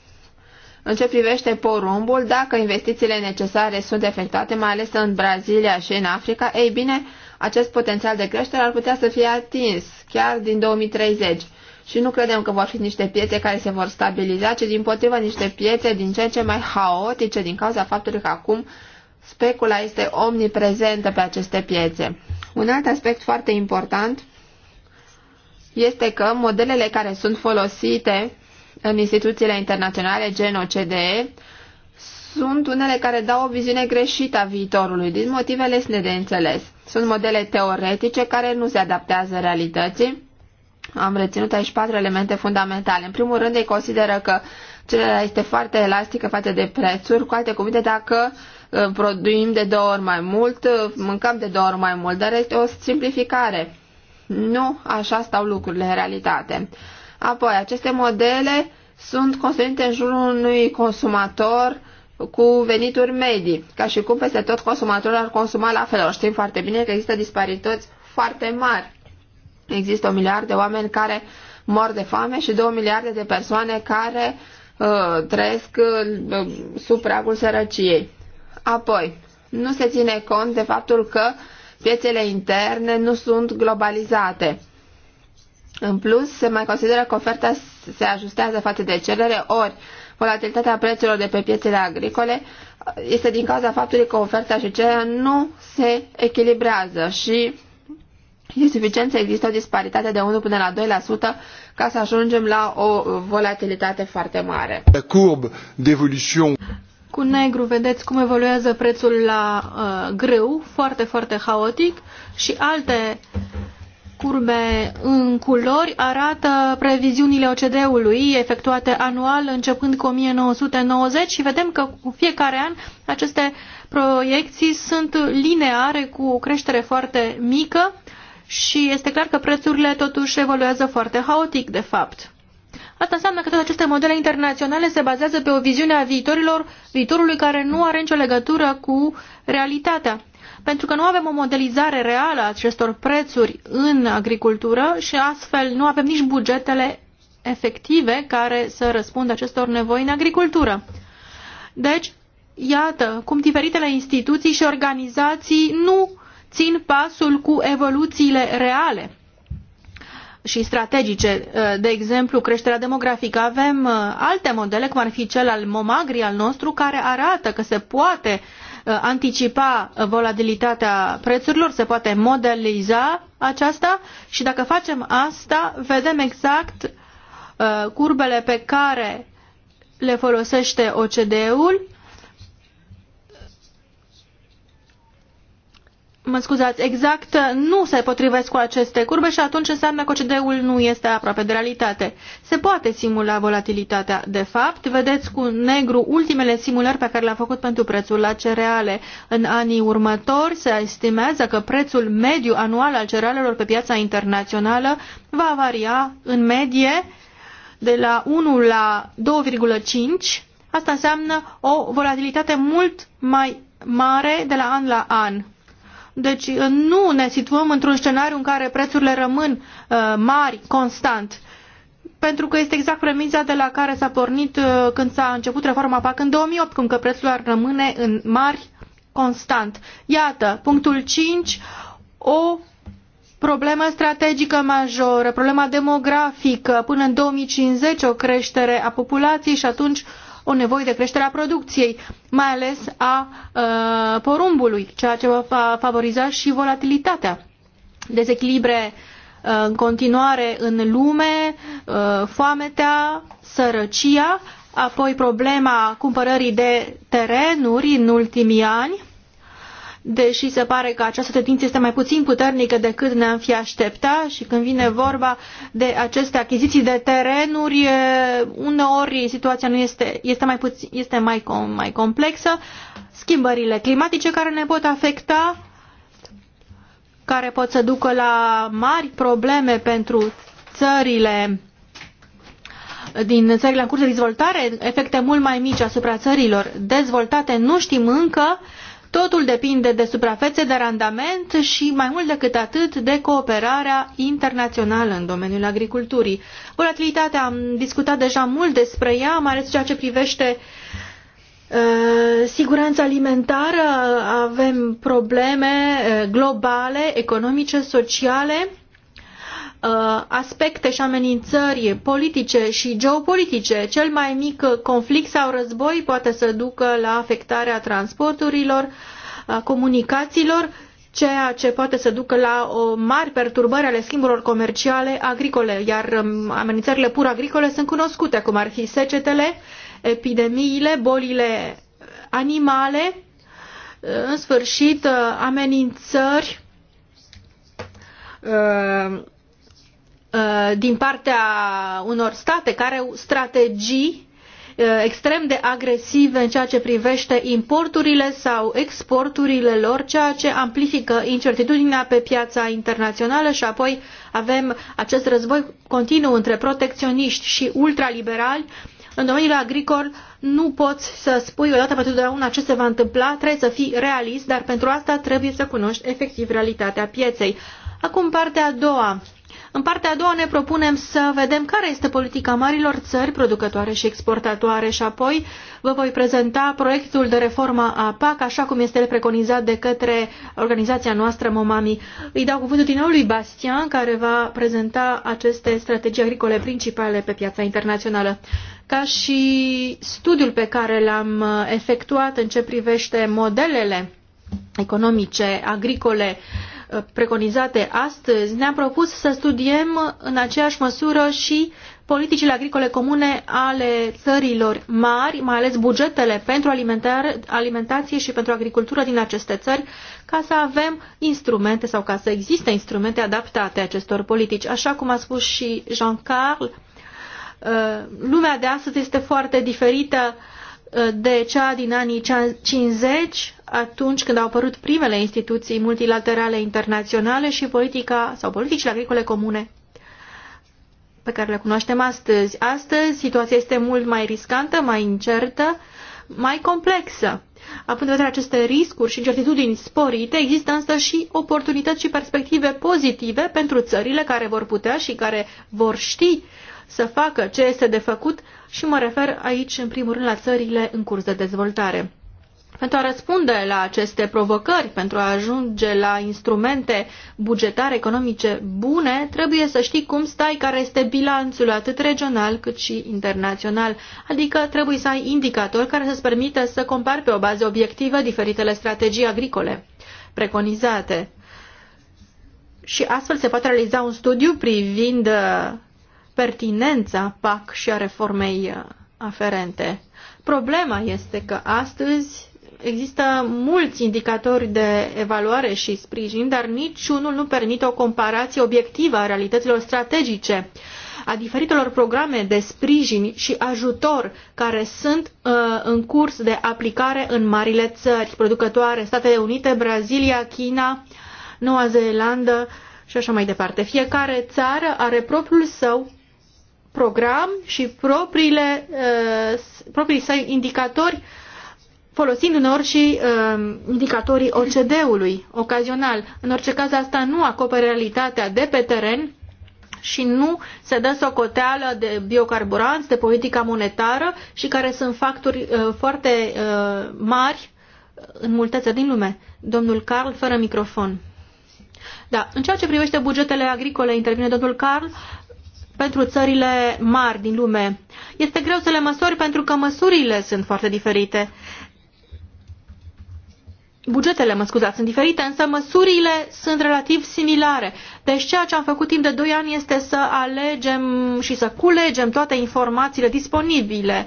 Speaker 2: în ce privește porumbul, dacă investițiile necesare sunt efectuate, mai ales în Brazilia și în Africa, ei bine, acest potențial de creștere ar putea să fie atins chiar din 2030 și nu credem că vor fi niște piețe care se vor stabiliza, ci din potrivă niște piețe din ce în ce mai haotice din cauza faptului că acum specula este omniprezentă pe aceste piețe. Un alt aspect foarte important este că modelele care sunt folosite în instituțiile internaționale, gen OCDE, sunt unele care dau o viziune greșită a viitorului, din motivele sine de înțeles. Sunt modele teoretice care nu se adaptează realității. Am reținut aici patru elemente fundamentale. În primul rând, ei consideră că cererea este foarte elastică față de prețuri, cu alte cuvinte, dacă uh, produim de două ori mai mult, uh, mâncăm de două ori mai mult, dar este o simplificare. Nu așa stau lucrurile în realitate. Apoi, aceste modele sunt construite în jurul unui consumator cu venituri medii, ca și cum peste tot consumatorul ar consuma la fel. O știm foarte bine că există disparități foarte mari. Există un miliard de oameni care mor de foame și două miliarde de persoane care uh, trăiesc uh, sub pragul sărăciei. Apoi, nu se ține cont de faptul că piețele interne nu sunt globalizate. În plus, se mai consideră că oferta se ajustează față de cerere, ori volatilitatea prețurilor de pe piețele agricole este din cauza faptului că oferta și cererea nu se echilibrează și e suficient să există o disparitate de 1 până la 2% ca să ajungem la o volatilitate foarte mare. La
Speaker 1: courbe d'évolution
Speaker 2: cu negru vedeți cum evoluează prețul la uh,
Speaker 3: grâu, foarte, foarte haotic și alte curbe în culori arată previziunile OCDE-ului efectuate anual începând cu 1990 și vedem că cu fiecare an aceste proiecții sunt lineare cu o creștere foarte mică și este clar că prețurile totuși evoluează foarte haotic de fapt. Asta înseamnă că toate aceste modele internaționale se bazează pe o viziune a viitorilor, viitorului care nu are nicio legătură cu realitatea pentru că nu avem o modelizare reală a acestor prețuri în agricultură și astfel nu avem nici bugetele efective care să răspundă acestor nevoi în agricultură. Deci, iată cum diferitele instituții și organizații nu țin pasul cu evoluțiile reale și strategice, de exemplu creșterea demografică. Avem uh, alte modele, cum ar fi cel al Momagri al nostru, care arată că se poate uh, Uh, anticipa uh, volatilitatea prețurilor, se poate modeliza aceasta și dacă facem asta, vedem exact uh, curbele pe care le folosește OCDE-ul mă scuzați, exact nu se potrivesc cu aceste curbe și atunci înseamnă că OCD-ul nu este aproape de realitate. Se poate simula volatilitatea. De fapt, vedeți cu negru ultimele simulări pe care le-a făcut pentru prețul la cereale. În anii următori se estimează că prețul mediu anual al cerealelor pe piața internațională va varia în medie de la 1 la 2,5. Asta înseamnă o volatilitate mult mai mare de la an la an deci uh, nu ne situăm într-un scenariu în care prețurile rămân uh, mari, constant. Pentru că este exact premiza de la care s-a pornit uh, când s-a început reforma PAC în 2008, cum că prețurile ar rămâne în mari, constant. Iată, punctul 5, o problemă strategică majoră, problema demografică, până în 2050 o creștere a populației și atunci uh, o nevoie de creștere a producției, mai ales a ă, porumbului, ceea ce va favoriza și volatilitatea. Dezechilibre ă, în continuare în lume, ă, foametea, sărăcia, apoi problema cumpărării de terenuri în ultimii ani, deși se pare că această tendință este mai puțin puternică decât ne-am fi aștepta și când vine vorba de aceste achiziții de terenuri, uneori situația nu este, este, mai, puțin, este mai, mai complexă, schimbările climatice care ne pot afecta, care pot să ducă la mari probleme pentru țările din țările în curs de dezvoltare, efecte mult mai mici asupra țărilor dezvoltate, nu știm încă, uh, Totul depinde de suprafețe de randament și, mai mult decât atât, de cooperarea internațională în domeniul agriculturii. Volatilitatea, am discutat deja mult despre ea, mai ales ceea ce privește uh, siguranța alimentară. Avem probleme uh, globale, economice, sociale Uh, aspecte și amenințări politice și geopolitice. Cel mai mic conflict sau război poate să ducă la afectarea transporturilor, a comunicațiilor, ceea ce poate să ducă la o mari perturbări ale schimburilor comerciale agricole, iar um, amenințările pur agricole sunt cunoscute, cum ar fi secetele, epidemiile, bolile animale, în sfârșit uh, amenințări uh, Uh, din partea unor state care au strategii uh, extrem de agresive în ceea ce privește importurile sau exporturile lor, ceea ce amplifică incertitudinea pe piața internațională și apoi avem acest război continuu între protecționiști și ultraliberali. În domeniul agricol nu poți să spui odată pentru totdeauna ce se va întâmpla, trebuie să fii realist, dar pentru asta trebuie să cunoști efectiv realitatea pieței. Acum partea a doua în partea a doua ne propunem să vedem care este politica marilor țări producătoare și exportatoare și apoi vă voi prezenta proiectul de reformă a PAC așa cum este el preconizat de către organizația noastră Momami. Îi dau cuvântul din nou lui Bastian care va prezenta aceste strategii agricole principale pe piața internațională ca și studiul pe care l-am efectuat în ce privește modelele economice, agricole, uh, Uh, preconizate astăzi, ne-am propus să studiem în aceeași măsură și politicile agricole comune ale țărilor mari, mai ales bugetele pentru alimentație și pentru agricultură din aceste țări, ca să avem instrumente sau ca să existe instrumente adaptate acestor politici. Așa cum a spus și Jean-Carl, uh, lumea de astăzi este foarte diferită uh, de cea din anii 50, atunci când au apărut primele instituții multilaterale internaționale și politica sau politicile agricole comune pe care le cunoaștem astăzi. Astăzi situația este mult mai riscantă, mai incertă, mai complexă. Având în vedere aceste riscuri și incertitudini sporite, există însă și oportunități și perspective pozitive pentru țările care vor putea și care vor ști să facă ce este de făcut și mă refer aici în primul rând la țările în curs de dezvoltare pentru a răspunde la aceste provocări, pentru a ajunge la instrumente bugetare economice bune, trebuie să știi cum stai, care este bilanțul atât regional cât și internațional. Adică trebuie să ai indicatori care să-ți permită să compari pe o bază obiectivă diferitele strategii agricole preconizate. Și astfel se poate realiza un studiu privind uh, pertinența PAC și a reformei uh, aferente. Problema este că astăzi Există mulți indicatori de evaluare și sprijin, dar niciunul nu permite o comparație obiectivă a realităților strategice, a diferitelor programe de sprijin și ajutor care sunt uh, în curs de aplicare în marile țări producătoare, Statele Unite, Brazilia, China, Noua Zeelandă și așa mai departe. Fiecare țară are propriul său program și propriile, uh, proprii săi indicatori uh, folosind uneori și uh, indicatorii OCD-ului, ocazional. În orice caz, asta nu acoperă realitatea de pe teren și nu se dă socoteală de biocarburanți, de politica monetară și care sunt factori uh, foarte uh, mari în multe din lume. Domnul Carl, fără microfon. Da, în ceea ce privește bugetele agricole, intervine domnul Carl, pentru țările mari din lume. Este greu să le măsori pentru că măsurile sunt foarte diferite bugetele, mă scuzați, sunt diferite, însă măsurile sunt relativ similare. Deci ceea ce am făcut timp de 2 ani este să alegem și să culegem toate informațiile disponibile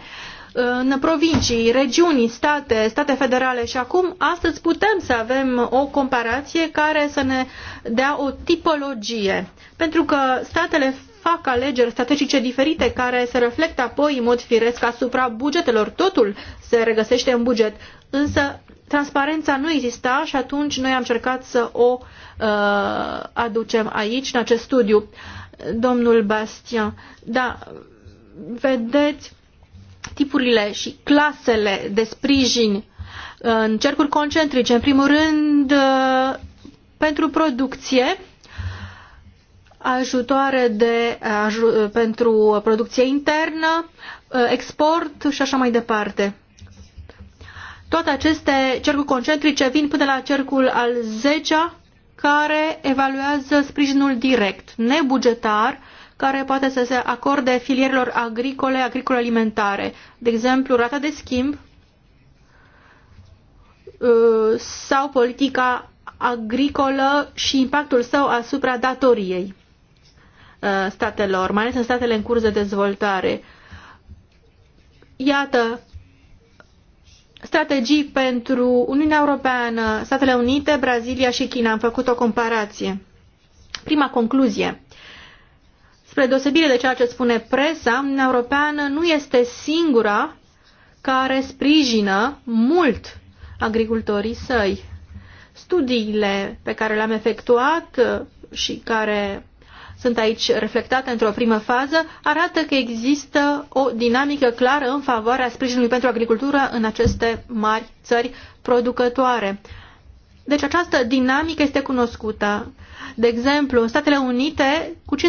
Speaker 3: uh, în provincii, regiuni, state, state federale și acum, astăzi putem să avem o comparație care să ne dea o tipologie. Pentru că statele fac alegeri strategice diferite care se reflectă apoi în mod firesc asupra bugetelor. Totul se regăsește în buget. Însă transparența nu exista și atunci noi am încercat să o uh, aducem aici, în acest studiu. Domnul Bastian, da, vedeți tipurile și clasele de sprijin uh, în cercuri concentrice. În primul rând, uh, pentru producție, ajutoare de, aj pentru producție internă, uh, export și așa mai departe. Toate aceste cercuri concentrice vin până la cercul al 10-a, care evaluează sprijinul direct, nebugetar, care poate să se acorde filierelor agricole, agricole-alimentare. De exemplu, rata de schimb uh, sau politica agricolă și impactul său asupra datoriei uh, statelor, mai ales în statele în curs de dezvoltare. Iată, strategii pentru Uniunea Europeană, Statele Unite, Brazilia și China. Am făcut o comparație. Prima concluzie. Spre deosebire de ceea ce spune presa, Uniunea Europeană nu este singura care sprijină mult agricultorii săi. Studiile pe care le-am efectuat și care sunt aici reflectate într-o primă fază, arată că există o dinamică clară în favoarea sprijinului pentru agricultură în aceste mari țări producătoare. Deci această dinamică este cunoscută. De exemplu, în Statele Unite, cu 50%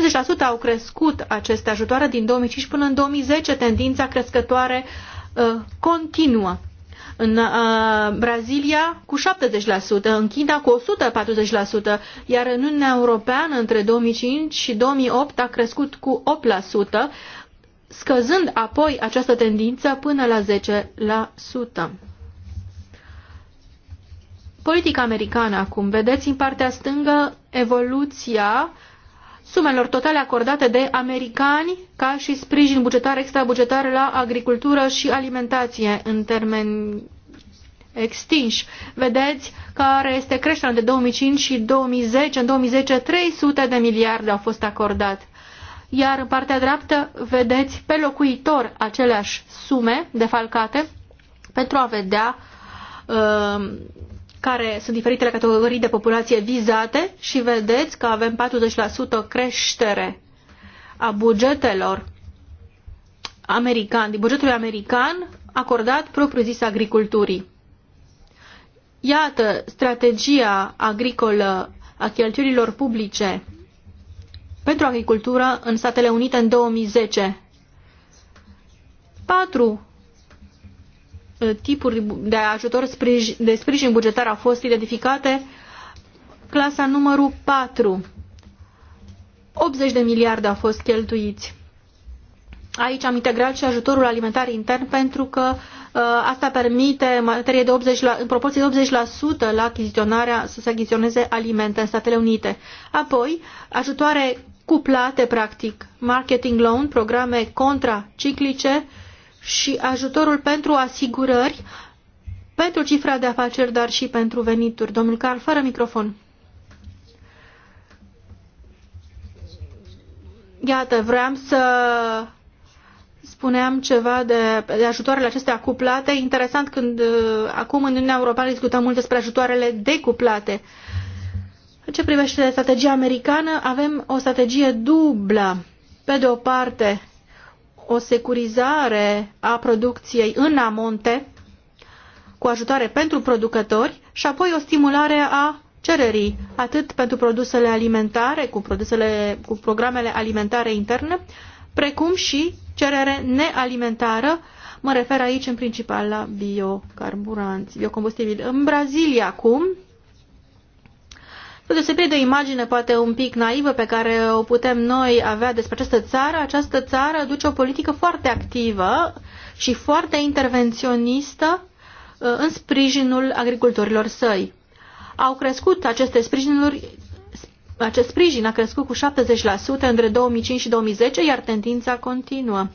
Speaker 3: au crescut aceste ajutoare din 2005 până în 2010, tendința crescătoare uh, continuă în uh, Brazilia cu 70%, în China cu 140%, iar în Uniunea Europeană între 2005 și 2008 a crescut cu 8%, scăzând apoi această tendință până la 10%. Politica americană acum. Vedeți în partea stângă evoluția uh, sumelor totale acordate de americani ca și sprijin bugetar, extrabugetar la agricultură și alimentație în termeni extinși. Vedeți care este creșterea de 2005 și 2010. În 2010 300 de miliarde au fost acordate. Iar în partea dreaptă vedeți pe locuitor aceleași sume defalcate pentru a vedea uh, care sunt diferitele categorii de populație vizate și vedeți că avem 40% creștere a bugetelor american, din bugetul american acordat propriu-zis agriculturii. Iată strategia agricolă a cheltuielilor publice pentru agricultură în Statele Unite în 2010. Patru tipuri de ajutor de sprijin bugetar au fost identificate. Clasa numărul 4. 80 de miliarde au fost cheltuiți. Aici am integrat și ajutorul alimentar intern pentru că uh, asta permite materie de 80 la, în proporție de 80% la achiziționarea să se achiziționeze alimente în Statele Unite. Apoi, ajutoare cuplate practic, marketing loan, programe contraciclice și ajutorul pentru asigurări, pentru cifra de afaceri, dar și pentru venituri. Domnul Carl, fără microfon. Iată, vreau să spuneam ceva de, de ajutoarele acestea cuplate. Interesant când uh, acum în Uniunea Europeană discutăm mult despre ajutoarele decuplate. În ce privește strategia americană, avem o strategie dublă. Pe de o parte, o securizare a producției în amonte cu ajutoare pentru producători și apoi o stimulare a cererii, atât pentru produsele alimentare, cu, produsele, cu programele alimentare interne, precum și cerere nealimentară, mă refer aici în principal la biocarburanți, biocombustibili. În Brazilia acum, deosebire de o imagine poate un pic naivă pe care o putem noi avea despre această țară, această țară duce o politică foarte activă și foarte intervenționistă uh, în sprijinul agricultorilor săi. Au crescut aceste sprijinuri acest sprijin a crescut cu 70% între 2005 și 2010, iar tendința continuă.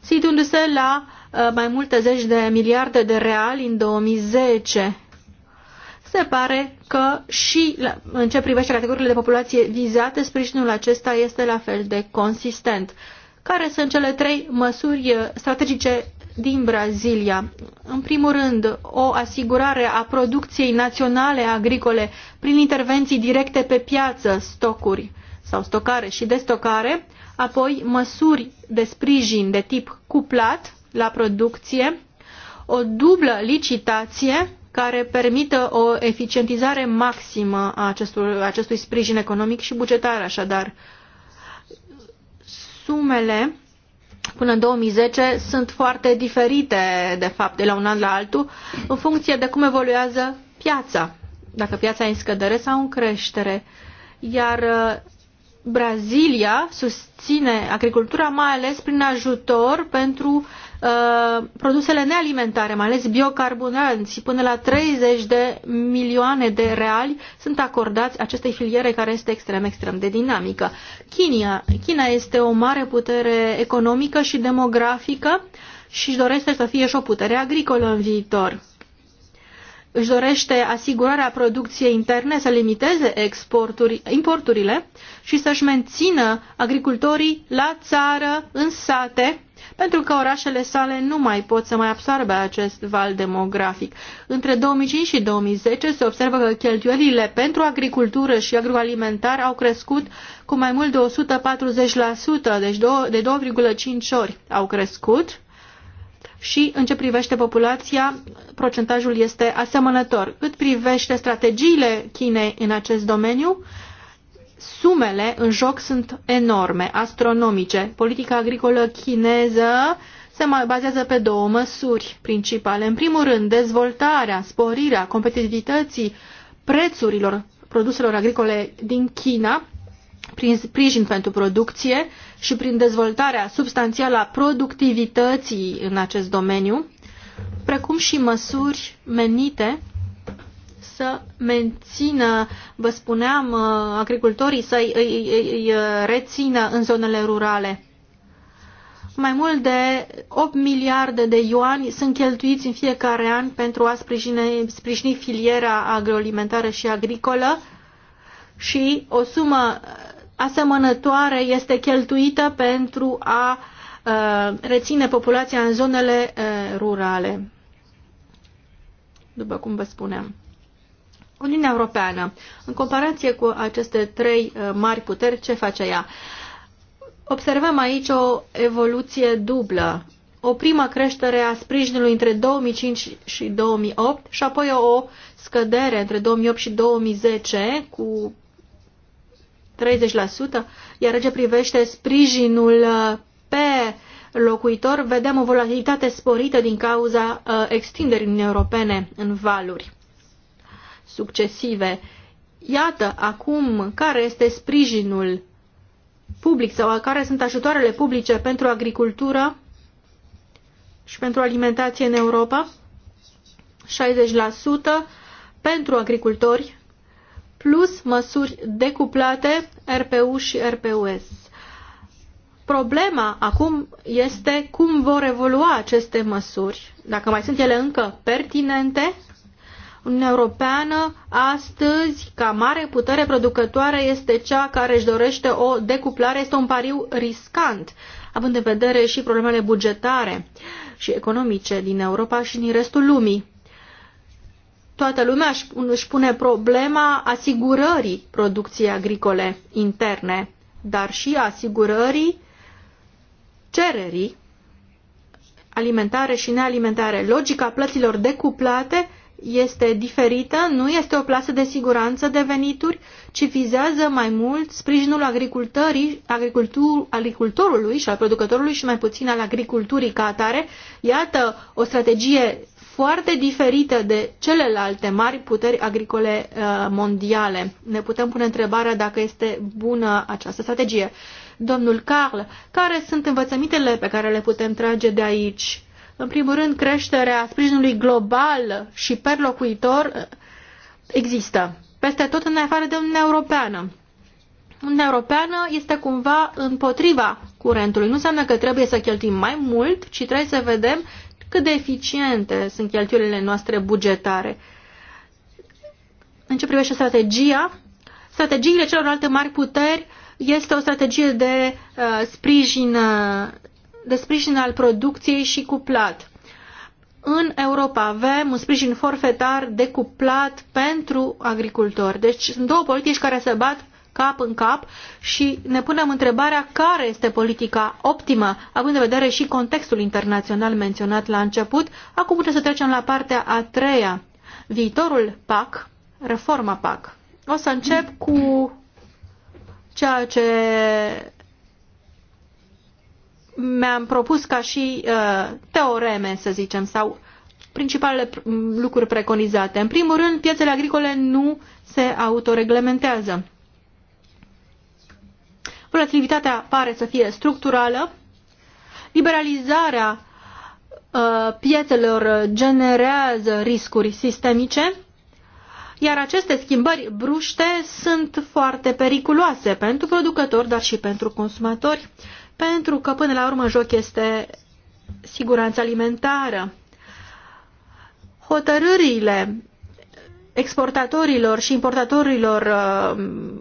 Speaker 3: Situându-se la uh, mai multe zeci de miliarde de reali în 2010, se pare că și în ce privește categoriile de populație vizate, sprijinul acesta este la fel de consistent. Care sunt cele trei măsuri strategice din Brazilia? În primul rând, o asigurare a producției naționale agricole prin intervenții directe pe piață, stocuri sau stocare și destocare, apoi măsuri de sprijin de tip cuplat la producție, o dublă licitație care permită o eficientizare maximă a acestor, acestui sprijin economic și bugetar, așadar. Sumele până în 2010 sunt foarte diferite, de fapt, de la un an la altul, în funcție de cum evoluează piața, dacă piața e în scădere sau în creștere. Iar Brazilia susține agricultura mai ales prin ajutor pentru uh, produsele nealimentare, mai ales biocarburanți. Până la 30 de milioane de reali sunt acordați acestei filiere care este extrem, extrem de dinamică. China, China este o mare putere economică și demografică și își dorește să fie și o putere agricolă în viitor își dorește asigurarea producției interne, să limiteze exporturi, importurile și să-și mențină agricultorii la țară, în sate, pentru că orașele sale nu mai pot să mai absorbe acest val demografic. Între 2005 și 2010 se observă că cheltuielile pentru agricultură și agroalimentar au crescut cu mai mult de 140%, deci de 2,5 ori au crescut și în ce privește populația, procentajul este asemănător. Cât privește strategiile Chinei în acest domeniu, sumele în joc sunt enorme, astronomice. Politica agricolă chineză se bazează pe două măsuri principale. În primul rând, dezvoltarea, sporirea competitivității prețurilor produselor agricole din China prin sprijin pentru producție și prin dezvoltarea substanțială a productivității în acest domeniu, precum și măsuri menite să mențină, vă spuneam, uh, agricultorii să îi, îi, îi uh, rețină în zonele rurale. Mai mult de 8 miliarde de ioani sunt cheltuiți în fiecare an pentru a sprijini filiera agroalimentară și agricolă și o sumă asemănătoare este cheltuită pentru a uh, reține populația în zonele uh, rurale, după cum vă spuneam. Uniunea Europeană, în comparație cu aceste trei uh, mari puteri, ce face ea? Observăm aici o evoluție dublă. O primă creștere a sprijinului între 2005 și 2008 și apoi o scădere între 2008 și 2010 cu 30%, iar ce privește sprijinul uh, pe locuitor, vedem o volatilitate sporită din cauza uh, extinderii Uniunii Europene în valuri succesive. Iată acum care este sprijinul public sau care sunt ajutoarele publice pentru agricultură și pentru alimentație în Europa. 60% pentru agricultori plus măsuri decuplate RPU și RPUS. Problema acum este cum vor evolua aceste măsuri, dacă mai sunt ele încă pertinente. Uniunea Europeană astăzi, ca mare putere producătoare, este cea care își dorește o decuplare, este un pariu riscant, având în vedere și problemele bugetare și economice din Europa și din restul lumii toată lumea își pune problema asigurării producției agricole interne, dar și asigurării cererii alimentare și nealimentare. Logica plăților decuplate este diferită, nu este o plasă de siguranță de venituri, ci vizează mai mult sprijinul agricultării, agricultur, agricultorului și al producătorului și mai puțin al agriculturii ca atare. Iată o strategie foarte diferită de celelalte mari puteri agricole uh, mondiale. Ne putem pune întrebarea dacă este bună această strategie. Domnul Carl, care sunt învățămintele pe care le putem trage de aici? În primul rând, creșterea sprijinului global și perlocuitor uh, există peste tot în afară de Uniunea Europeană. Uniunea Europeană este cumva împotriva curentului. Nu înseamnă că trebuie să cheltuim mai mult, ci trebuie să vedem cât de eficiente sunt cheltuielile noastre bugetare. În ce privește strategia, strategiile celorlalte mari puteri este o strategie de uh, sprijin uh, de sprijin al producției și cuplat. În Europa avem un sprijin forfetar decuplat pentru agricultori. Deci sunt două politici care se bat cap în cap și ne punem întrebarea care este politica optimă, având în vedere și contextul internațional menționat la început. Acum putem să trecem la partea a treia, viitorul PAC, reforma PAC. O să încep cu ceea ce mi-am propus ca și uh, teoreme, să zicem, sau principalele lucruri preconizate. În primul rând, piețele agricole nu se autoreglementează. Volatilitatea pare să fie structurală. Liberalizarea uh, piețelor generează riscuri sistemice, iar aceste schimbări bruște sunt foarte periculoase pentru producători, dar și pentru consumatori, pentru că până la urmă joc este siguranța alimentară. Hotărârile exportatorilor și importatorilor uh,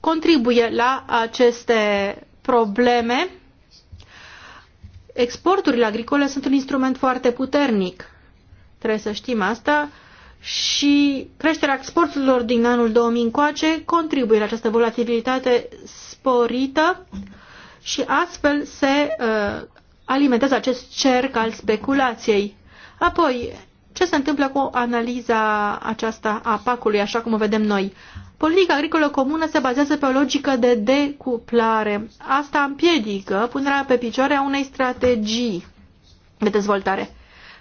Speaker 3: contribuie la aceste probleme. Exporturile agricole sunt un instrument foarte puternic. Trebuie să știm asta și creșterea exporturilor din anul 2000 încoace contribuie la această volatilitate sporită și astfel se uh, alimentează acest cerc al speculației. Apoi, ce se întâmplă cu analiza aceasta a pacului, așa cum o vedem noi? Politica agricolă comună se bazează pe o logică de decuplare. Asta împiedică punerea pe picioare a unei strategii de dezvoltare.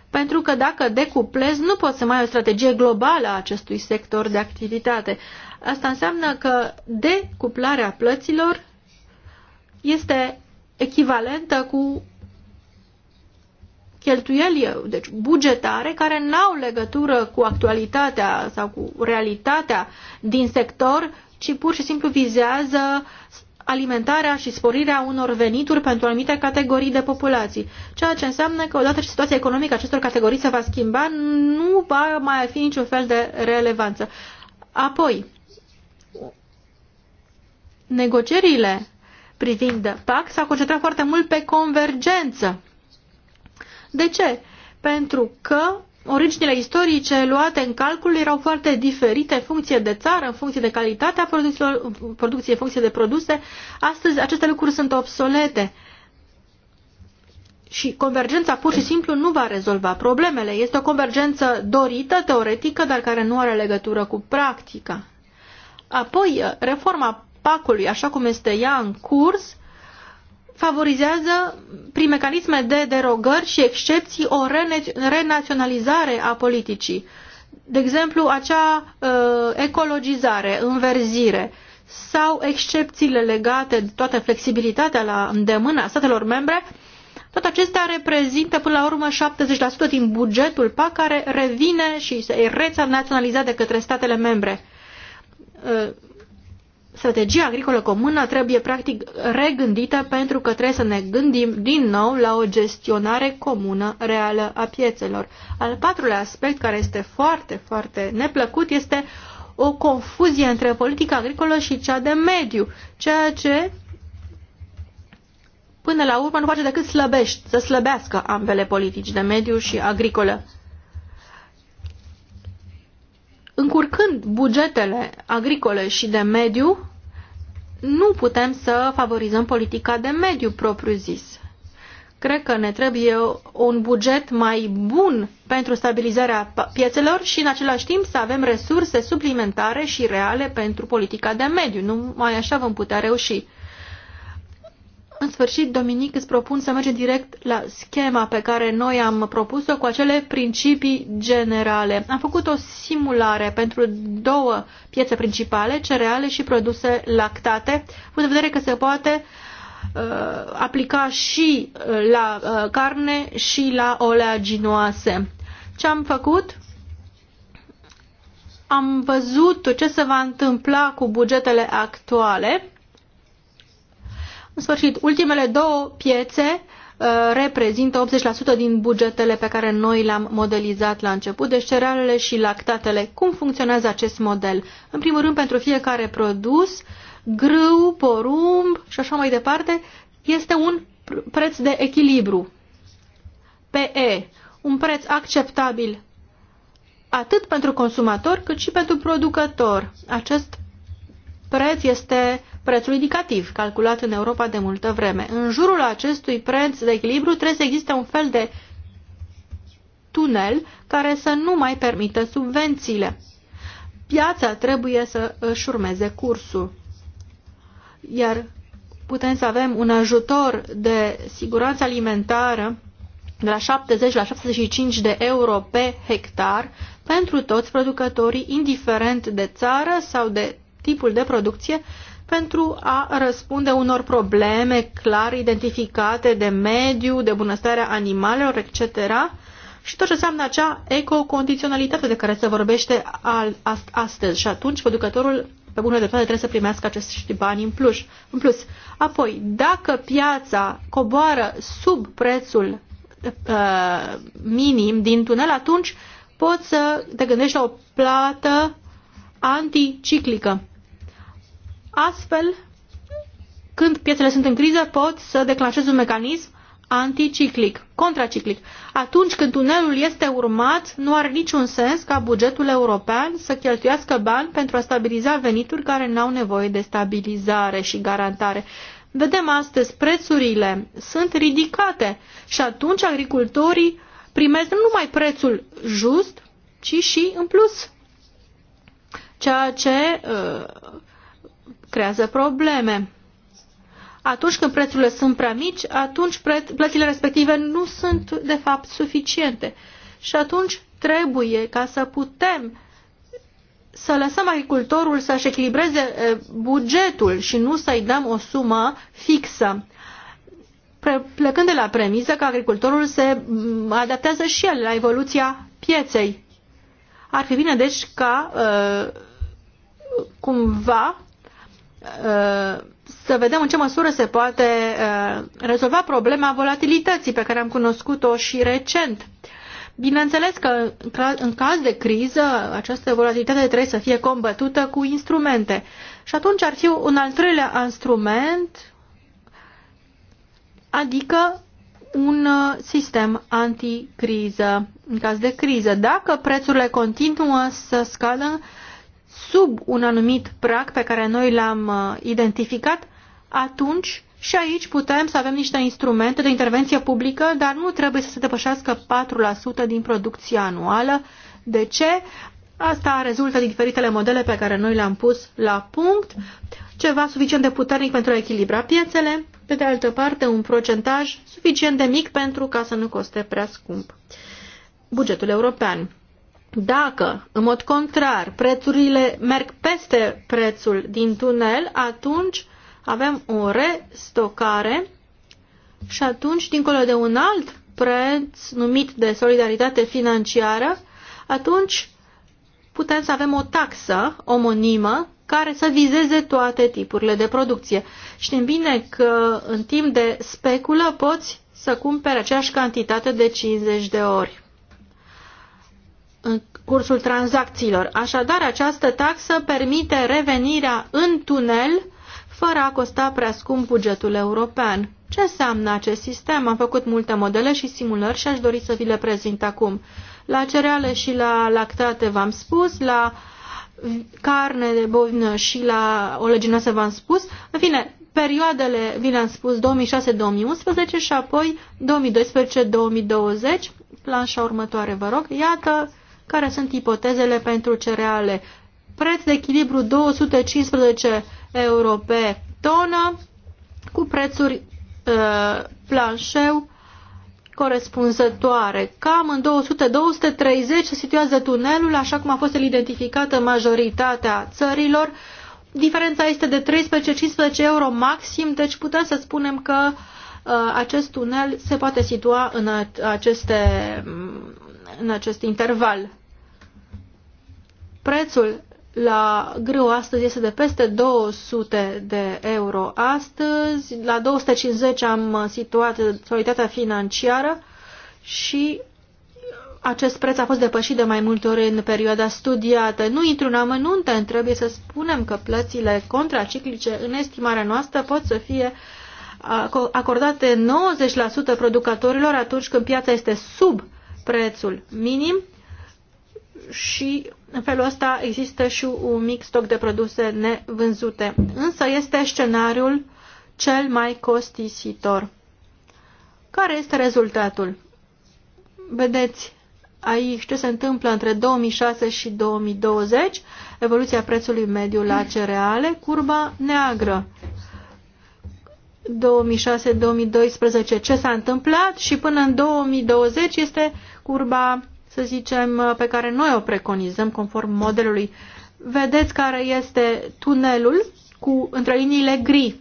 Speaker 3: Pentru că dacă decuplezi, nu poți să mai ai o strategie globală a acestui sector de activitate. Asta înseamnă că decuplarea plăților este echivalentă cu cheltuieli, deci bugetare, care n-au legătură cu actualitatea sau cu realitatea din sector, ci pur și simplu vizează alimentarea și sporirea unor venituri pentru anumite categorii de populații. Ceea ce înseamnă că odată ce situația economică acestor categorii se va schimba, nu va mai fi niciun fel de relevanță. Apoi, negocierile privind PAC s-au concentrat foarte mult pe convergență de ce? Pentru că originile istorice luate în calcul erau foarte diferite în funcție de țară, în funcție de calitatea producției, în funcție de produse. Astăzi aceste lucruri sunt obsolete. Și convergența pur și simplu nu va rezolva problemele. Este o convergență dorită, teoretică, dar care nu are legătură cu practica. Apoi, reforma pacului, așa cum este ea în curs, favorizează, prin mecanisme de derogări și excepții, o renaționalizare a politicii. De exemplu, acea uh, ecologizare, înverzire sau excepțiile legate de toată flexibilitatea la a statelor membre, Tot acestea reprezintă până la urmă 70% din bugetul PAC care revine și se naționalizat de către statele membre. Uh, strategia agricolă comună trebuie practic regândită pentru că trebuie să ne gândim din nou la o gestionare comună reală a piețelor. Al patrulea aspect care este foarte, foarte neplăcut este o confuzie între politica agricolă și cea de mediu, ceea ce până la urmă nu face decât slăbești, să slăbească ambele politici de mediu și agricolă încurcând bugetele agricole și de mediu, nu putem să favorizăm politica de mediu propriu-zis. Cred că ne trebuie un buget mai bun pentru stabilizarea piețelor și în același timp să avem resurse suplimentare și reale pentru politica de mediu. Numai așa vom putea reuși. În sfârșit, Dominic, îți propun să mergem direct la schema pe care noi am propus-o cu acele principii generale. Am făcut o simulare pentru două piețe principale, cereale și produse lactate, în vedere că se poate uh, aplica și uh, la uh, carne și la oleaginoase. Ce am făcut? Am văzut ce se va întâmpla cu bugetele actuale în sfârșit, ultimele două piețe uh, reprezintă 80% din bugetele pe care noi le-am modelizat la început, deci cerealele și lactatele. Cum funcționează acest model? În primul rând, pentru fiecare produs, grâu, porumb și așa mai departe, este un preț de echilibru. PE, un preț acceptabil atât pentru consumator cât și pentru producător. Acest preț este prețul indicativ, calculat în Europa de multă vreme. În jurul acestui preț de echilibru trebuie să existe un fel de tunel care să nu mai permită subvențiile. Piața trebuie să își urmeze cursul. Iar putem să avem un ajutor de siguranță alimentară de la 70 la 75 de euro pe hectar pentru toți producătorii, indiferent de țară sau de tipul de producție pentru a răspunde unor probleme clar identificate de mediu, de bunăstarea animalelor, etc. și tot ce înseamnă acea ecocondiționalitate de care se vorbește al, ast, astăzi. Și atunci producătorul pe bună dreptate trebuie să primească acești bani în plus. în plus. Apoi, dacă piața coboară sub prețul uh, minim din tunel, atunci poți să te gândești la o plată anticiclică. Astfel, când piețele sunt în criză, pot să declanșeze un mecanism anticiclic, contraciclic. Atunci când tunelul este urmat, nu are niciun sens ca bugetul european să cheltuiască bani pentru a stabiliza venituri care nu au nevoie de stabilizare și garantare. Vedem astăzi, prețurile sunt ridicate și atunci agricultorii primesc nu numai prețul just, ci și în plus ceea ce uh, creează probleme. Atunci când prețurile sunt prea mici, atunci plățile respective nu sunt, de fapt, suficiente. Și atunci trebuie ca să putem să lăsăm agricultorul să-și echilibreze uh, bugetul și nu să-i dăm o sumă fixă. Plecând de la premiză că agricultorul se mm, adaptează și el la evoluția pieței. Ar fi bine, deci, ca uh, cumva uh, să vedem în ce măsură se poate uh, rezolva problema volatilității pe care am cunoscut-o și recent. Bineînțeles că în caz de criză această volatilitate trebuie să fie combătută cu instrumente. Și atunci ar fi un al treilea instrument, adică un uh, sistem anticriză în caz de criză. Dacă prețurile continuă să scadă, sub un anumit prag pe care noi l-am uh, identificat, atunci și aici putem să avem niște instrumente de intervenție publică, dar nu trebuie să se depășească 4% din producția anuală. De ce? Asta rezultă din diferitele modele pe care noi le-am pus la punct, ceva suficient de puternic pentru a echilibra piețele, pe de altă parte un procentaj suficient de mic pentru ca să nu coste prea scump. Bugetul european. Dacă, în mod contrar, prețurile merg peste prețul din tunel, atunci avem o restocare și atunci, dincolo de un alt preț numit de solidaritate financiară, atunci putem să avem o taxă omonimă care să vizeze toate tipurile de producție. Știm bine că în timp de speculă poți să cumperi aceeași cantitate de 50 de ori în cursul tranzacțiilor. Așadar, această taxă permite revenirea în tunel fără a costa prea scump bugetul european. Ce înseamnă acest sistem? Am făcut multe modele și simulări și aș dori să vi le prezint acum. La cereale și la lactate v-am spus, la carne de bovină și la oleginoase v-am spus. În fine, perioadele, vi le-am spus, 2006-2011 și apoi 2012-2020. Planșa următoare, vă rog. Iată care sunt ipotezele pentru cereale. Preț de echilibru 215 euro pe tonă cu prețuri uh, planșeu corespunzătoare. Cam în 200-230 se situează tunelul, așa cum a fost el identificat în majoritatea țărilor. Diferența este de 13-15 euro maxim, deci putem să spunem că uh, acest tunel se poate situa în aceste în acest interval. Prețul la grâu astăzi este de peste 200 de euro astăzi. La 250 am situat soliditatea financiară și acest preț a fost depășit de mai multe ori în perioada studiată. Nu intru în amănunte, trebuie să spunem că plățile contraciclice în estimarea noastră pot să fie acordate 90% producătorilor atunci când piața este sub prețul minim și în felul ăsta există și un mic stoc de produse nevânzute. Însă este scenariul cel mai costisitor. Care este rezultatul? Vedeți aici ce se întâmplă între 2006 și 2020, evoluția prețului mediu la cereale, curba neagră. 2006-2012 ce s-a întâmplat și până în 2020 este curba, să zicem, pe care noi o preconizăm conform modelului. Vedeți care este tunelul cu între liniile gri.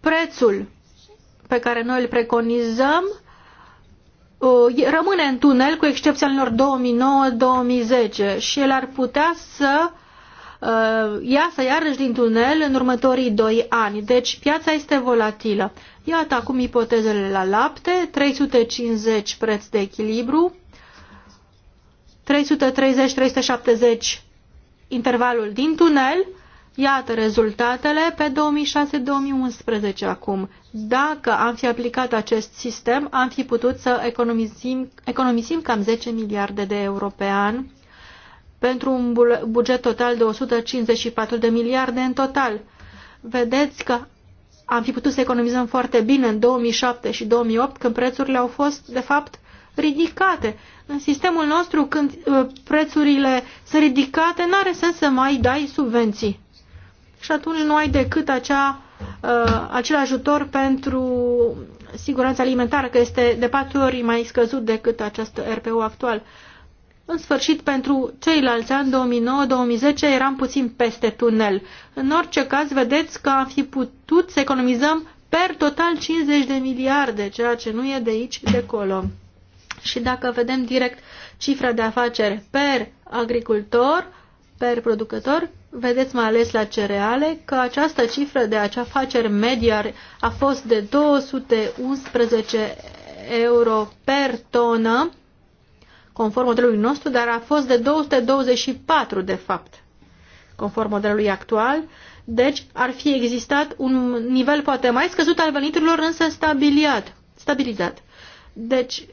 Speaker 3: Prețul pe care noi îl preconizăm uh, rămâne în tunel cu excepția anilor 2009-2010 și el ar putea să uh, iasă iarăși din tunel în următorii doi ani. Deci piața este volatilă. Iată acum ipotezele la lapte, 350 preț de echilibru, 330-370 intervalul din tunel, Iată rezultatele pe 2006-2011 acum. Dacă am fi aplicat acest sistem, am fi putut să economisim, economisim cam 10 miliarde de euro pe an pentru un buget total de 154 de miliarde în total. Vedeți că am fi putut să economizăm foarte bine în 2007 și 2008, când prețurile au fost, de fapt, ridicate. În sistemul nostru, când uh, prețurile sunt ridicate, nu are sens să mai dai subvenții. Și atunci nu ai decât acea, uh, acel ajutor pentru siguranța alimentară, că este de patru ori mai scăzut decât acest RPU actual. În sfârșit, pentru ceilalți ani, 2009-2010, eram puțin peste tunel. În orice caz, vedeți că am fi putut să economizăm per total 50 de miliarde, ceea ce nu e de aici, de acolo. Și dacă vedem direct cifra de afaceri per agricultor, per producător, vedeți mai ales la cereale că această cifră de acea afaceri mediar a fost de 211 euro per tonă, conform modelului nostru, dar a fost de 224 de fapt, conform modelului actual. Deci ar fi existat un nivel poate mai scăzut al veniturilor, însă stabiliat, stabilizat. Deci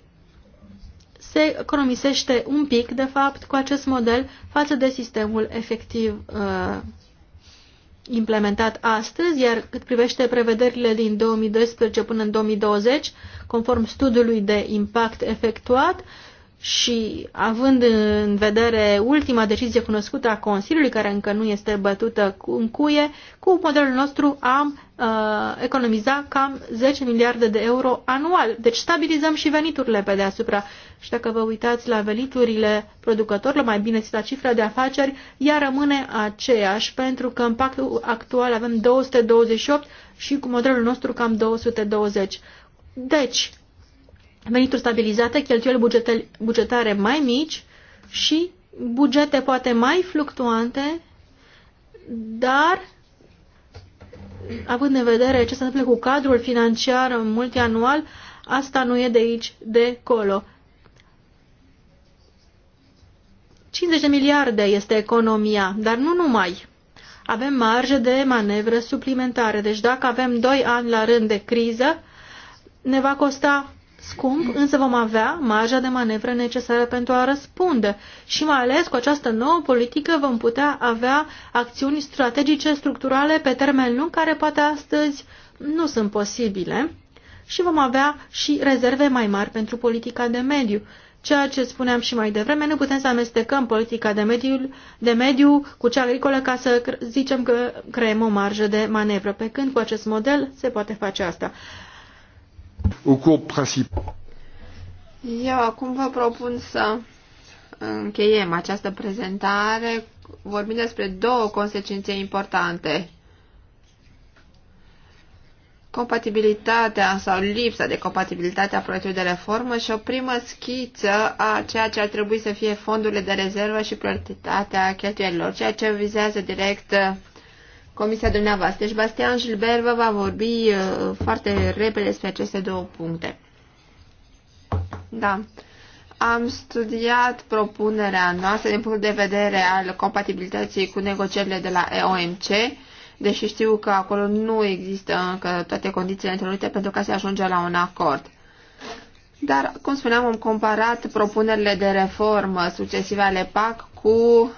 Speaker 3: se economisește un pic, de fapt, cu acest model față de sistemul efectiv uh, implementat astăzi, iar cât privește prevederile din 2012 până în 2020, conform studiului de impact efectuat, și având în vedere ultima decizie cunoscută a Consiliului, care încă nu este bătută în cuie, cu modelul nostru am uh, economiza cam 10 miliarde de euro anual. Deci stabilizăm și veniturile pe deasupra. Și dacă vă uitați la veniturile producătorilor, mai bine zis la cifra de afaceri, ea rămâne aceeași, pentru că în pactul actual avem 228 și cu modelul nostru cam 220. Deci, venituri stabilizate, cheltuieli bugetare mai mici și bugete poate mai fluctuante, dar având în vedere ce se întâmplă cu cadrul financiar multianual, asta nu e de aici, de colo. 50 de miliarde este economia, dar nu numai. Avem marjă de manevră suplimentare, deci dacă avem 2 ani la rând de criză, ne va costa scump, însă vom avea marja de manevră necesară pentru a răspunde și mai ales cu această nouă politică vom putea avea acțiuni strategice structurale pe termen lung care poate astăzi nu sunt posibile și vom avea și rezerve mai mari pentru politica de mediu. Ceea ce spuneam și mai devreme, nu putem să amestecăm politica de mediu, de mediu cu cea agricolă ca să zicem că creăm o marjă de manevră, pe când cu acest model se poate face asta.
Speaker 2: Eu acum vă propun să încheiem această prezentare vorbind despre două consecințe importante. Compatibilitatea sau lipsa de compatibilitate a proiectului de reformă și o primă schiță a ceea ce ar trebui să fie fondurile de rezervă și prioritatea cheltuielilor, ceea ce vizează direct comisia dumneavoastră. Deci Bastian Gilbert vă va vorbi uh, foarte repede despre aceste două puncte. Da. Am studiat propunerea noastră din punct de vedere al compatibilității cu negocierile de la EOMC, deși știu că acolo nu există încă toate condițiile întâlnite pentru ca să ajunge la un acord. Dar, cum spuneam, am comparat propunerile de reformă succesive ale PAC cu uh,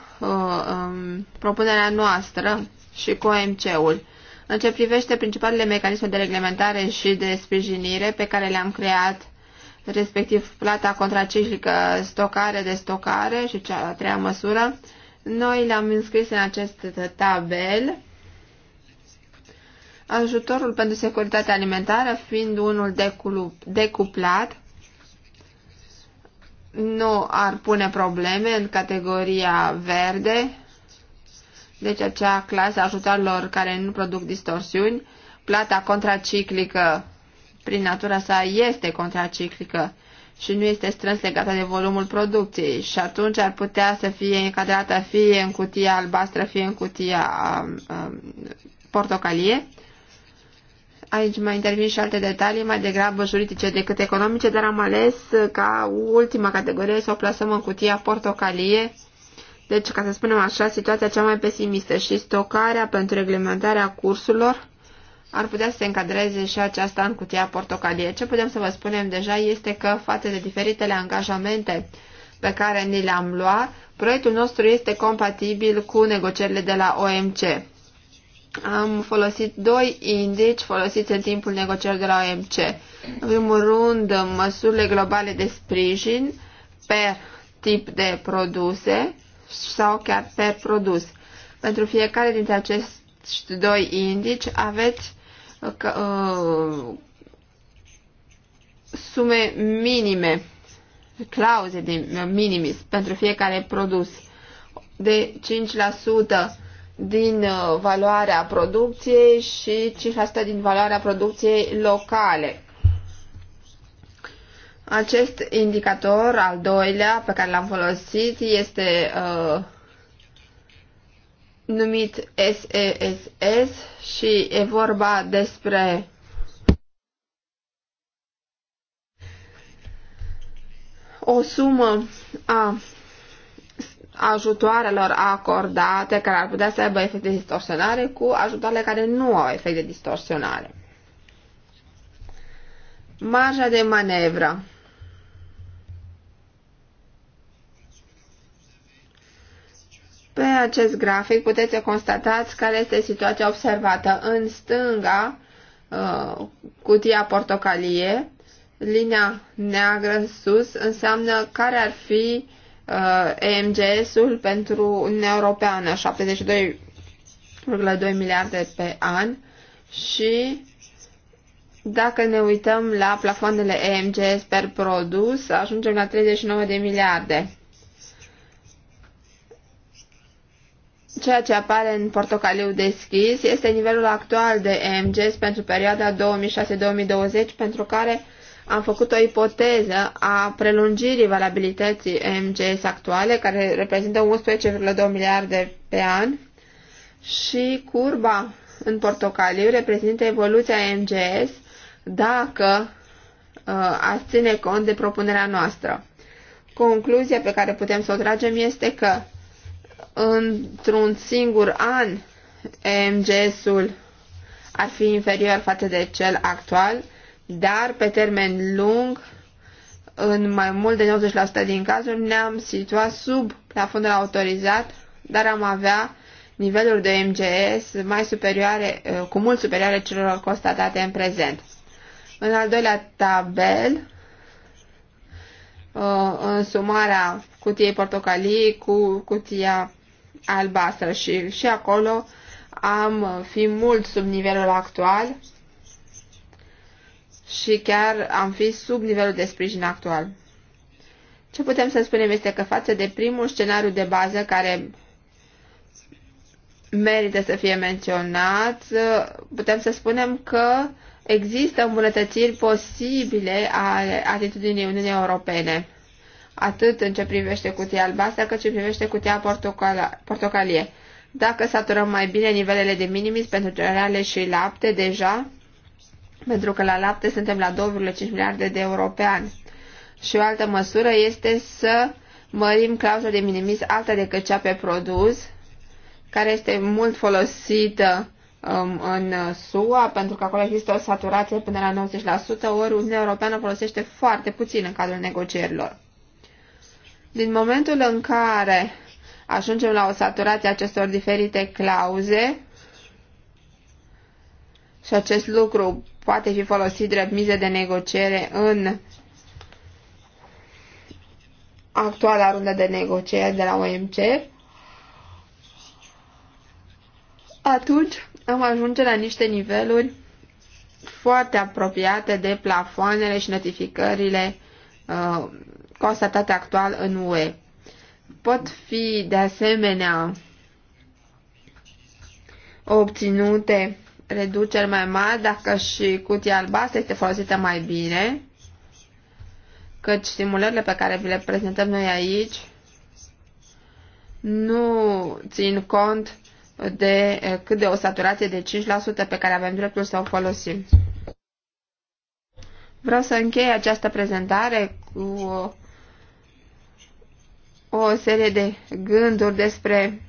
Speaker 2: um, propunerea noastră și cu OMC-ul. În ce privește principalele mecanisme de reglementare și de sprijinire pe care le-am creat, respectiv plata contraciclică, stocare de stocare și cea a treia măsură, noi le-am înscris în acest tabel ajutorul pentru securitatea alimentară fiind unul decuplat, nu ar pune probleme în categoria verde, deci acea clasă ajutorilor care nu produc distorsiuni, plata contraciclică prin natura sa este contraciclică și nu este strâns legată de volumul producției și atunci ar putea să fie încadrată fie în cutia albastră, fie în cutia um, um portocalie. Aici mai intervin și alte detalii, mai degrabă juridice decât economice, dar am ales ca ultima categorie să o plasăm în cutia portocalie, deci, ca să spunem așa, situația cea mai pesimistă și stocarea pentru reglementarea cursurilor ar putea să se încadreze și aceasta în cutia portocalie. Ce putem să vă spunem deja este că, față de diferitele angajamente pe care ni le-am luat, proiectul nostru este compatibil cu negocierile de la OMC. Am folosit doi indici folosiți în timpul negocierilor de la OMC. În primul rând, măsurile globale de sprijin per tip de produse, sau chiar per produs. Pentru fiecare dintre acești doi indici aveți uh, sume minime, clauze de minimis pentru fiecare produs de 5% din uh, valoarea producției și 5% din valoarea producției locale. Acest indicator, al doilea, pe care l-am folosit, este uh, numit SESS și e vorba despre o sumă a ajutoarelor acordate care ar putea să aibă efecte distorsionare cu ajutoarele care nu au efecte distorsionare. Marja de manevră. Pe acest grafic puteți să constatați care este situația observată. În stânga, uh, cutia portocalie, linia neagră sus înseamnă care ar fi uh, EMGS-ul pentru Uniunea Europeană, 72,2 miliarde pe an și dacă ne uităm la plafoanele EMGS per produs, ajungem la 39 de miliarde. Ceea ce apare în portocaliu deschis este nivelul actual de MGS pentru perioada 2006-2020, pentru care am făcut o ipoteză a prelungirii valabilității MGS actuale, care reprezintă 11,2 miliarde pe an, și curba în portocaliu reprezintă evoluția MGS dacă uh, ați ține cont de propunerea noastră. Concluzia pe care putem să o tragem este că într-un singur an MGS-ul ar fi inferior față de cel actual, dar pe termen lung, în mai mult de 90% din cazuri, ne-am situat sub plafonul autorizat, dar am avea niveluri de MGS mai superioare, eh, cu mult superioare celor constatate în prezent. În al doilea tabel, eh, în sumarea cutiei portocalii cu cutia albastră și, și acolo am fi mult sub nivelul actual și chiar am fi sub nivelul de sprijin actual. Ce putem să spunem este că față de primul scenariu de bază care merită să fie menționat, putem să spunem că există îmbunătățiri posibile ale atitudinii Uniunii Europene atât în ce privește cutia albastră, cât și în privește cutia portocalie. Dacă saturăm mai bine nivelele de minimis pentru cereale și lapte deja, pentru că la lapte suntem la 2,5 miliarde de euro pe an. Și o altă măsură este să mărim clauza de minimis alta decât cea pe produs, care este mult folosită um, în SUA, pentru că acolo există o saturație până la 90%, ori Uniunea Europeană folosește foarte puțin în cadrul negocierilor. Din momentul în care ajungem la o saturație acestor diferite clauze, și acest lucru poate fi folosit drept mize de negociere în actuala rundă de negocieri de la OMC, atunci am ajunge la niște niveluri foarte apropiate de plafoanele și notificările uh, constatate actual în UE. Pot fi de asemenea obținute reduceri mai mari dacă și cutia albastră este folosită mai bine, căci simulările pe care vi le prezentăm noi aici nu țin cont de eh, cât de o saturație de 5% pe care avem dreptul să o folosim. Vreau să închei această prezentare cu o serie de gânduri despre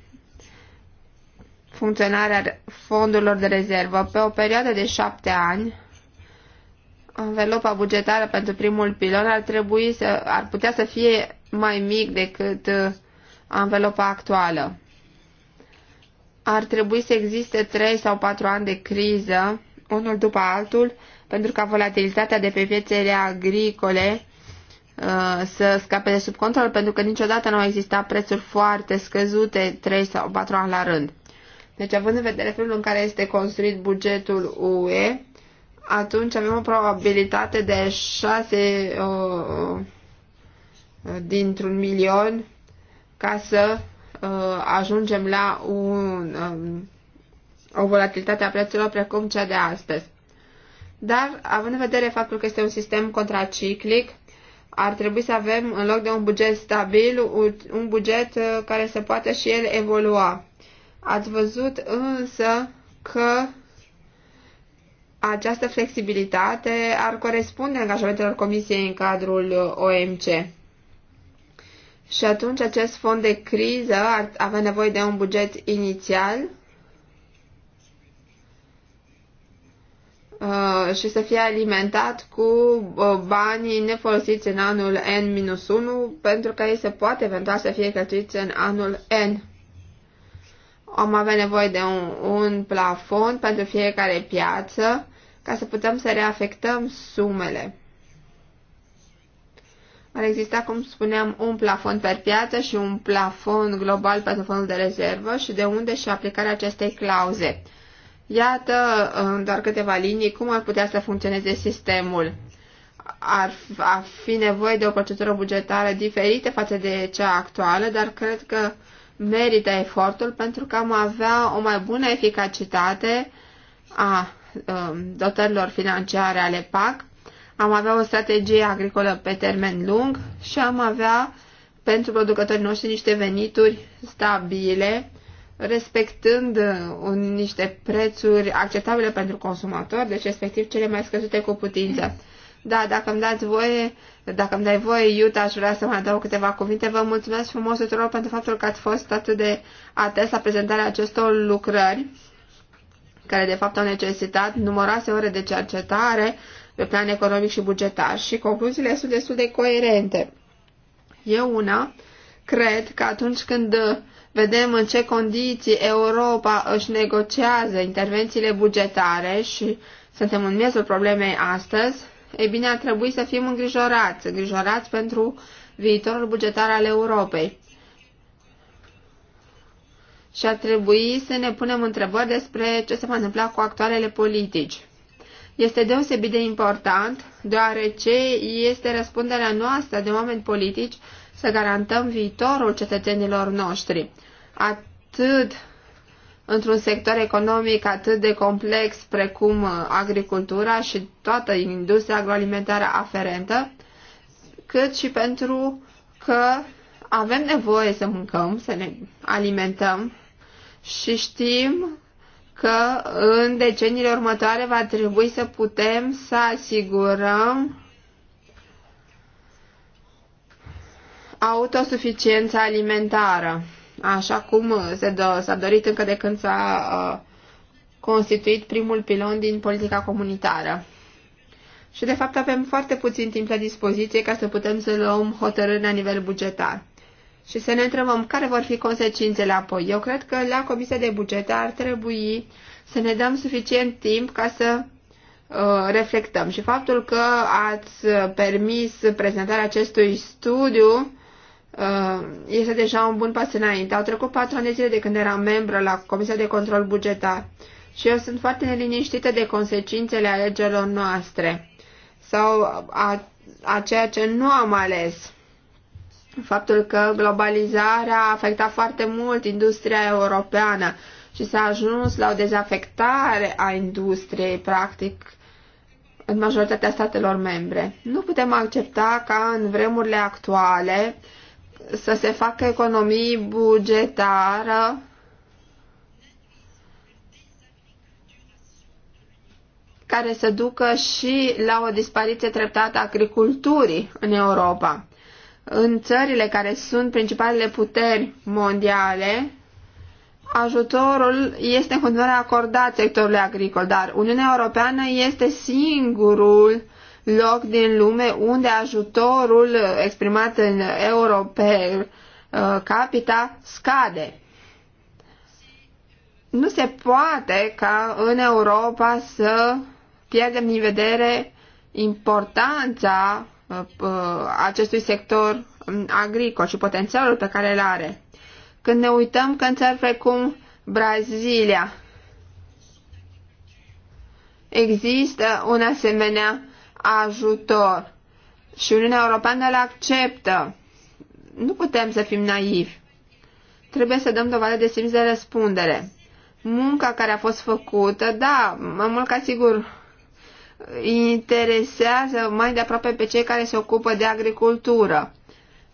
Speaker 2: funcționarea fondurilor de rezervă. Pe o perioadă de șapte ani, învelopa bugetară pentru primul pilon ar, trebui să, ar putea să fie mai mic decât învelopa uh, actuală. Ar trebui să existe trei sau patru ani de criză, unul după altul, pentru ca volatilitatea de pe piețele agricole Uh, să scape de sub control, pentru că niciodată nu au existat prețuri foarte scăzute 3 sau 4 ani la rând. Deci, având în vedere felul în care este construit bugetul UE, atunci avem o probabilitate de 6 uh, dintr-un milion ca să uh, ajungem la un, um, o volatilitate a prețurilor precum cea de astăzi. Dar, având în vedere faptul că este un sistem contraciclic, ar trebui să avem, în loc de un buget stabil, un buget uh, care să poată și el evolua. Ați văzut însă că această flexibilitate ar corespunde angajamentelor Comisiei în cadrul uh, OMC. Și atunci acest fond de criză ar avea nevoie de un buget inițial Uh, și să fie alimentat cu uh, banii nefolosiți în anul N-1 pentru că ei se poate eventual să fie cheltuiți în anul N. Am avea nevoie de un, un plafon pentru fiecare piață ca să putem să reafectăm sumele. Ar exista, cum spuneam, un plafon per piață și un plafon global pentru fondul de rezervă și de unde și aplicarea acestei clauze. Iată, în uh, doar câteva linii, cum ar putea să funcționeze sistemul. Ar fi nevoie de o procedură bugetară diferită față de cea actuală, dar cred că merită efortul pentru că am avea o mai bună eficacitate a um, dotărilor financiare ale PAC, am avea o strategie agricolă pe termen lung și am avea pentru producătorii noștri niște venituri stabile respectând uh, un, niște prețuri acceptabile pentru consumator, deci respectiv cele mai scăzute cu putință. Da, dacă îmi dați voie, dacă îmi dai voie, Iuta, aș vrea să mai adaug câteva cuvinte. Vă mulțumesc frumos tuturor pentru faptul că ați fost atât de atest la prezentarea acestor lucrări, care de fapt au necesitat numeroase ore de cercetare pe plan economic și bugetar și concluziile sunt destul de coerente. Eu una, cred că atunci când vedem în ce condiții Europa își negociază intervențiile bugetare și suntem în miezul problemei astăzi, e bine, ar trebui să fim îngrijorați, îngrijorați pentru viitorul bugetar al Europei. Și ar trebui să ne punem întrebări despre ce se va întâmpla cu actualele politici. Este deosebit de important, deoarece este răspunderea noastră de oameni politici să garantăm viitorul cetățenilor noștri, atât într-un sector economic atât de complex precum uh, agricultura și toată industria agroalimentară aferentă, cât și pentru că avem nevoie să mâncăm, să ne alimentăm și știm că în deceniile următoare va trebui să putem să asigurăm autosuficiența alimentară, așa cum s-a dorit încă de când s-a uh, constituit primul pilon din politica comunitară. Și de fapt avem foarte puțin timp la dispoziție ca să putem să luăm hotărâri la nivel bugetar. Și să ne întrebăm care vor fi consecințele apoi. Eu cred că la Comisia de Bugete ar trebui să ne dăm suficient timp ca să uh, reflectăm. Și faptul că ați uh, permis prezentarea acestui studiu Uh, este deja un bun pas înainte. Au trecut patru ani de zile de când eram membră la Comisia de Control Bugetar și eu sunt foarte neliniștită de consecințele alegerilor noastre sau a, a ceea ce nu am ales. Faptul că globalizarea a afectat foarte mult industria europeană și s-a ajuns la o dezafectare a industriei, practic, în majoritatea statelor membre. Nu putem accepta ca în vremurile actuale uh, să se facă economii bugetară care să ducă și la o dispariție treptată a agriculturii în Europa. În țările care sunt principalele puteri mondiale, ajutorul este în continuare acordat sectorului agricol, dar Uniunea Europeană este singurul loc din lume unde ajutorul exprimat în euro pe uh, capita scade. Nu se poate ca în Europa să pierdem din vedere importanța uh, uh, acestui sector um, agricol și potențialul pe care îl are. Când ne uităm că în țări precum Brazilia există un asemenea ajutor și Uniunea Europeană le acceptă. Nu putem să fim naivi. Trebuie să dăm dovadă de simț de răspundere. Munca care a fost făcută, da, mai mult ca sigur, interesează mai de aproape pe cei care se ocupă de agricultură.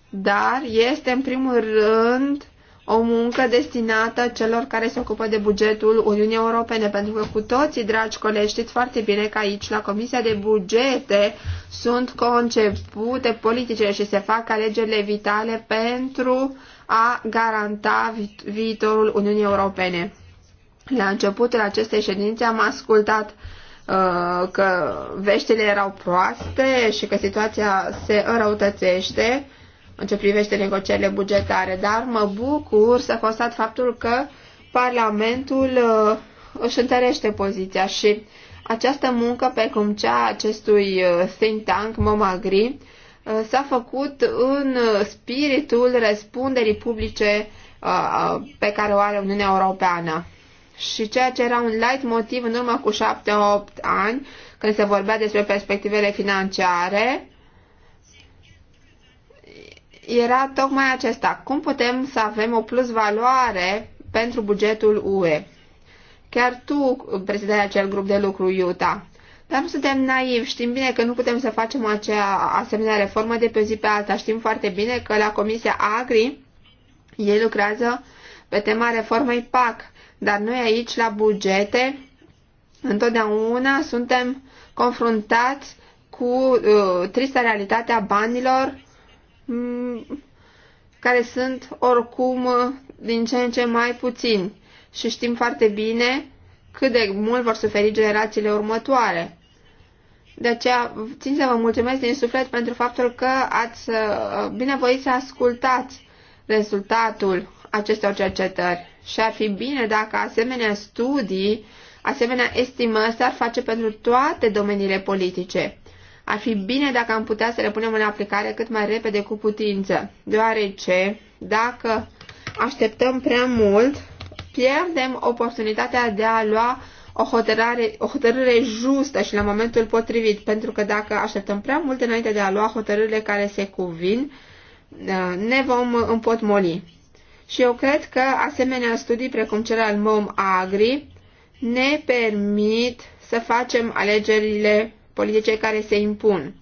Speaker 2: Dar este în primul rând o muncă destinată celor care se ocupă de bugetul Uniunii Europene, pentru că cu toții, dragi colegi, știți foarte bine că aici, la Comisia de Bugete, sunt concepute politicile și se fac alegerile vitale pentru a garanta viitorul Uniunii Europene. La începutul acestei ședințe am ascultat uh, că veștile erau proaste și că situația se înrăutățește în ce privește negocierile bugetare, dar mă bucur să constat faptul că Parlamentul uh, își întărește poziția și această muncă, precum cea acestui uh, think tank Momagri, uh, s-a făcut în spiritul răspunderii publice pe care o are Uniunea Europeană. Și ceea ce era un light motiv în urmă cu 7-8 ani, când se vorbea despre perspectivele financiare, era tocmai acesta. Cum putem să avem o plus valoare pentru bugetul UE? Chiar tu prezidai acel grup de lucru, Iuta. Dar nu suntem naivi, știm bine că nu putem să facem acea asemenea reformă de pe zi pe alta. Știm foarte bine că la Comisia Agri ei lucrează pe tema reformei PAC, dar noi aici, la bugete, întotdeauna suntem confruntați cu uh, trista realitatea banilor care sunt oricum uh, din ce în ce mai puțini și știm foarte bine cât de mult vor suferi generațiile următoare. De aceea țin să vă mulțumesc din suflet pentru faptul că ați uh, binevoit să ascultați rezultatul acestor cercetări și ar fi bine dacă asemenea studii, asemenea estimări s-ar face pentru toate domeniile politice. Ar fi bine dacă am putea să le punem în aplicare cât mai repede cu putință, deoarece dacă așteptăm prea mult, pierdem oportunitatea de a lua o hotărâre, o hotărâre justă și la momentul potrivit, pentru că dacă așteptăm prea mult înainte de a lua hotărârile care se cuvin, uh, ne vom împotmoli. Și eu cred că asemenea studii precum cel al MOM Agri ne permit să facem alegerile politice care se impun,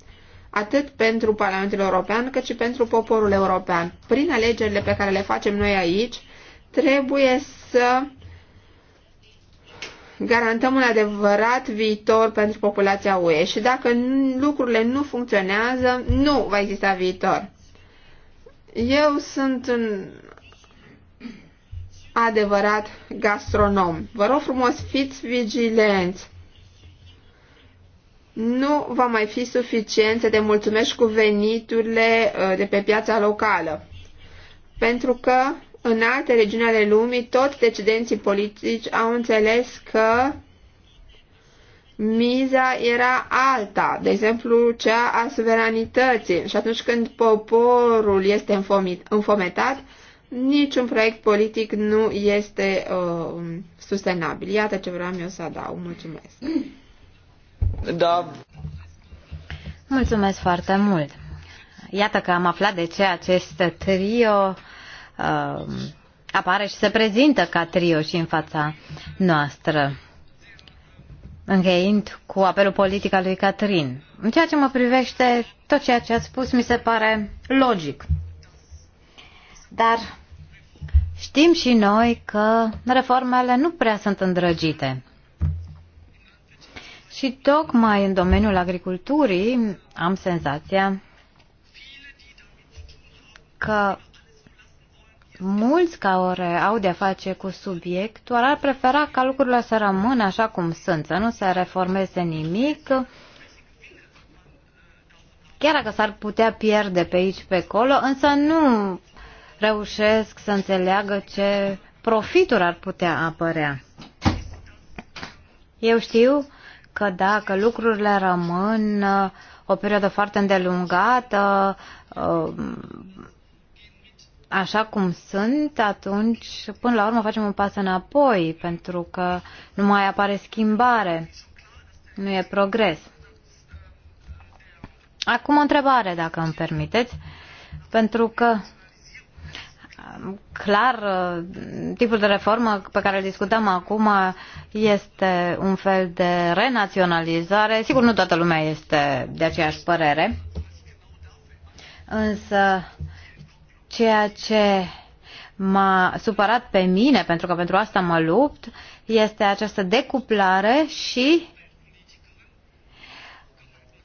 Speaker 2: atât pentru Parlamentul European cât și pentru poporul european. Prin alegerile pe care le facem noi aici, trebuie să garantăm un adevărat viitor pentru populația UE și dacă lucrurile nu funcționează, nu va exista viitor. Eu sunt un adevărat gastronom. Vă rog frumos, fiți vigilenți nu va mai fi suficient să te mulțumești cu veniturile uh, de pe piața locală. Pentru că în alte regiuni ale lumii, toți decidenții politici au înțeles că miza era alta, de exemplu cea a suveranității. Și atunci când poporul este înfometat, niciun proiect politic nu este uh, sustenabil. Iată ce vreau eu să adaug. Mulțumesc! Da.
Speaker 1: Mulțumesc foarte mult. Iată că am aflat de ce acest trio uh, apare și se prezintă ca trio și în fața noastră. Încheind cu apelul politic al lui Catrin. În ceea ce mă privește, tot ceea ce ați spus mi se pare logic. Dar știm și noi că reformele nu prea sunt îndrăgite. Și tocmai în domeniul agriculturii am senzația că mulți care au de-a face cu subiectul ar prefera ca lucrurile să rămână așa cum sunt, să nu se reformeze nimic, chiar dacă s-ar putea pierde pe aici, pe acolo, însă nu reușesc să înțeleagă ce profituri ar putea apărea. Eu știu că dacă lucrurile rămân uh, o perioadă foarte îndelungată, uh, așa cum sunt, atunci până la urmă facem un pas înapoi, pentru că nu mai apare schimbare, nu e progres. Acum o întrebare, dacă îmi permiteți, pentru că clar, uh, tipul de reformă pe care îl discutăm acum este un fel de renaționalizare. Sigur, nu toată lumea este de aceeași părere, însă ceea ce m-a supărat pe mine, pentru că pentru asta mă lupt, este această decuplare și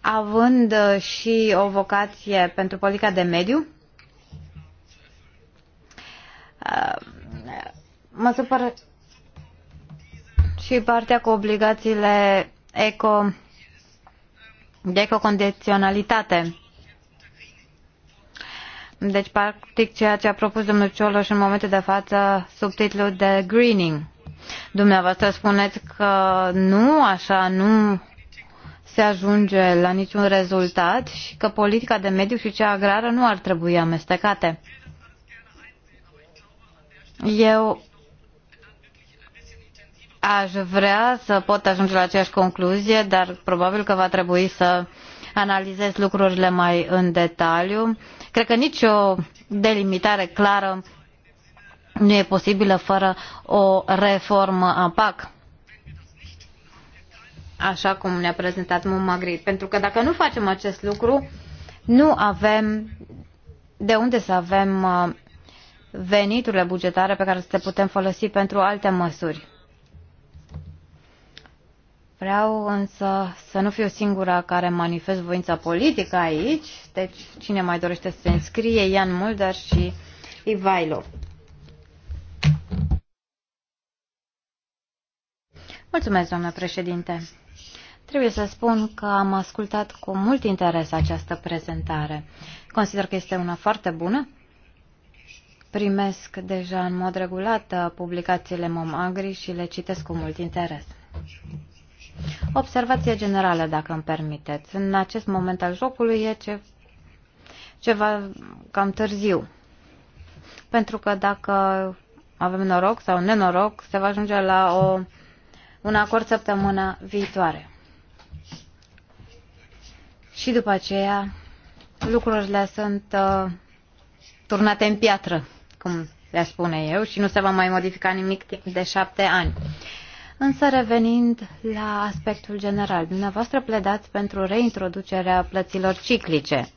Speaker 1: având și o vocație pentru politica de mediu, mă supără și partea cu obligațiile eco, de ecocondiționalitate. Deci, practic, ceea ce a propus domnul Cioloș în momentul de față, subtitlul de greening. Dumneavoastră spuneți că nu așa, nu se ajunge la niciun rezultat și că politica de mediu și cea agrară nu ar trebui amestecate. Eu aș vrea să pot ajunge la aceeași concluzie, dar probabil că va trebui să analizez lucrurile mai în detaliu. Cred că nicio delimitare clară nu e posibilă fără o reformă a PAC așa cum ne-a prezentat Mumagrid. Pentru că dacă nu facem acest lucru, nu avem de unde să avem uh, veniturile bugetare pe care să le putem folosi pentru alte măsuri. Vreau însă să nu fiu singura care manifest voința politică aici, deci cine mai dorește să se înscrie, Ian Mulder și Ivailo. Mulțumesc, doamnă președinte. Trebuie să spun că am ascultat cu mult interes această prezentare. Consider că este una foarte bună primesc deja în mod regulat uh, publicațiile MomAgri și le citesc cu mult interes. Observație generală, dacă îmi permiteți. În acest moment al jocului e ce, ceva cam târziu. Pentru că dacă avem noroc sau nenoroc, se va ajunge la o, un acord săptămâna viitoare. Și după aceea, lucrurile sunt uh, turnate în piatră cum le spune eu, și nu se va mai modifica nimic timp de șapte ani. Însă revenind la aspectul general, dumneavoastră pledați pentru reintroducerea plăților ciclice,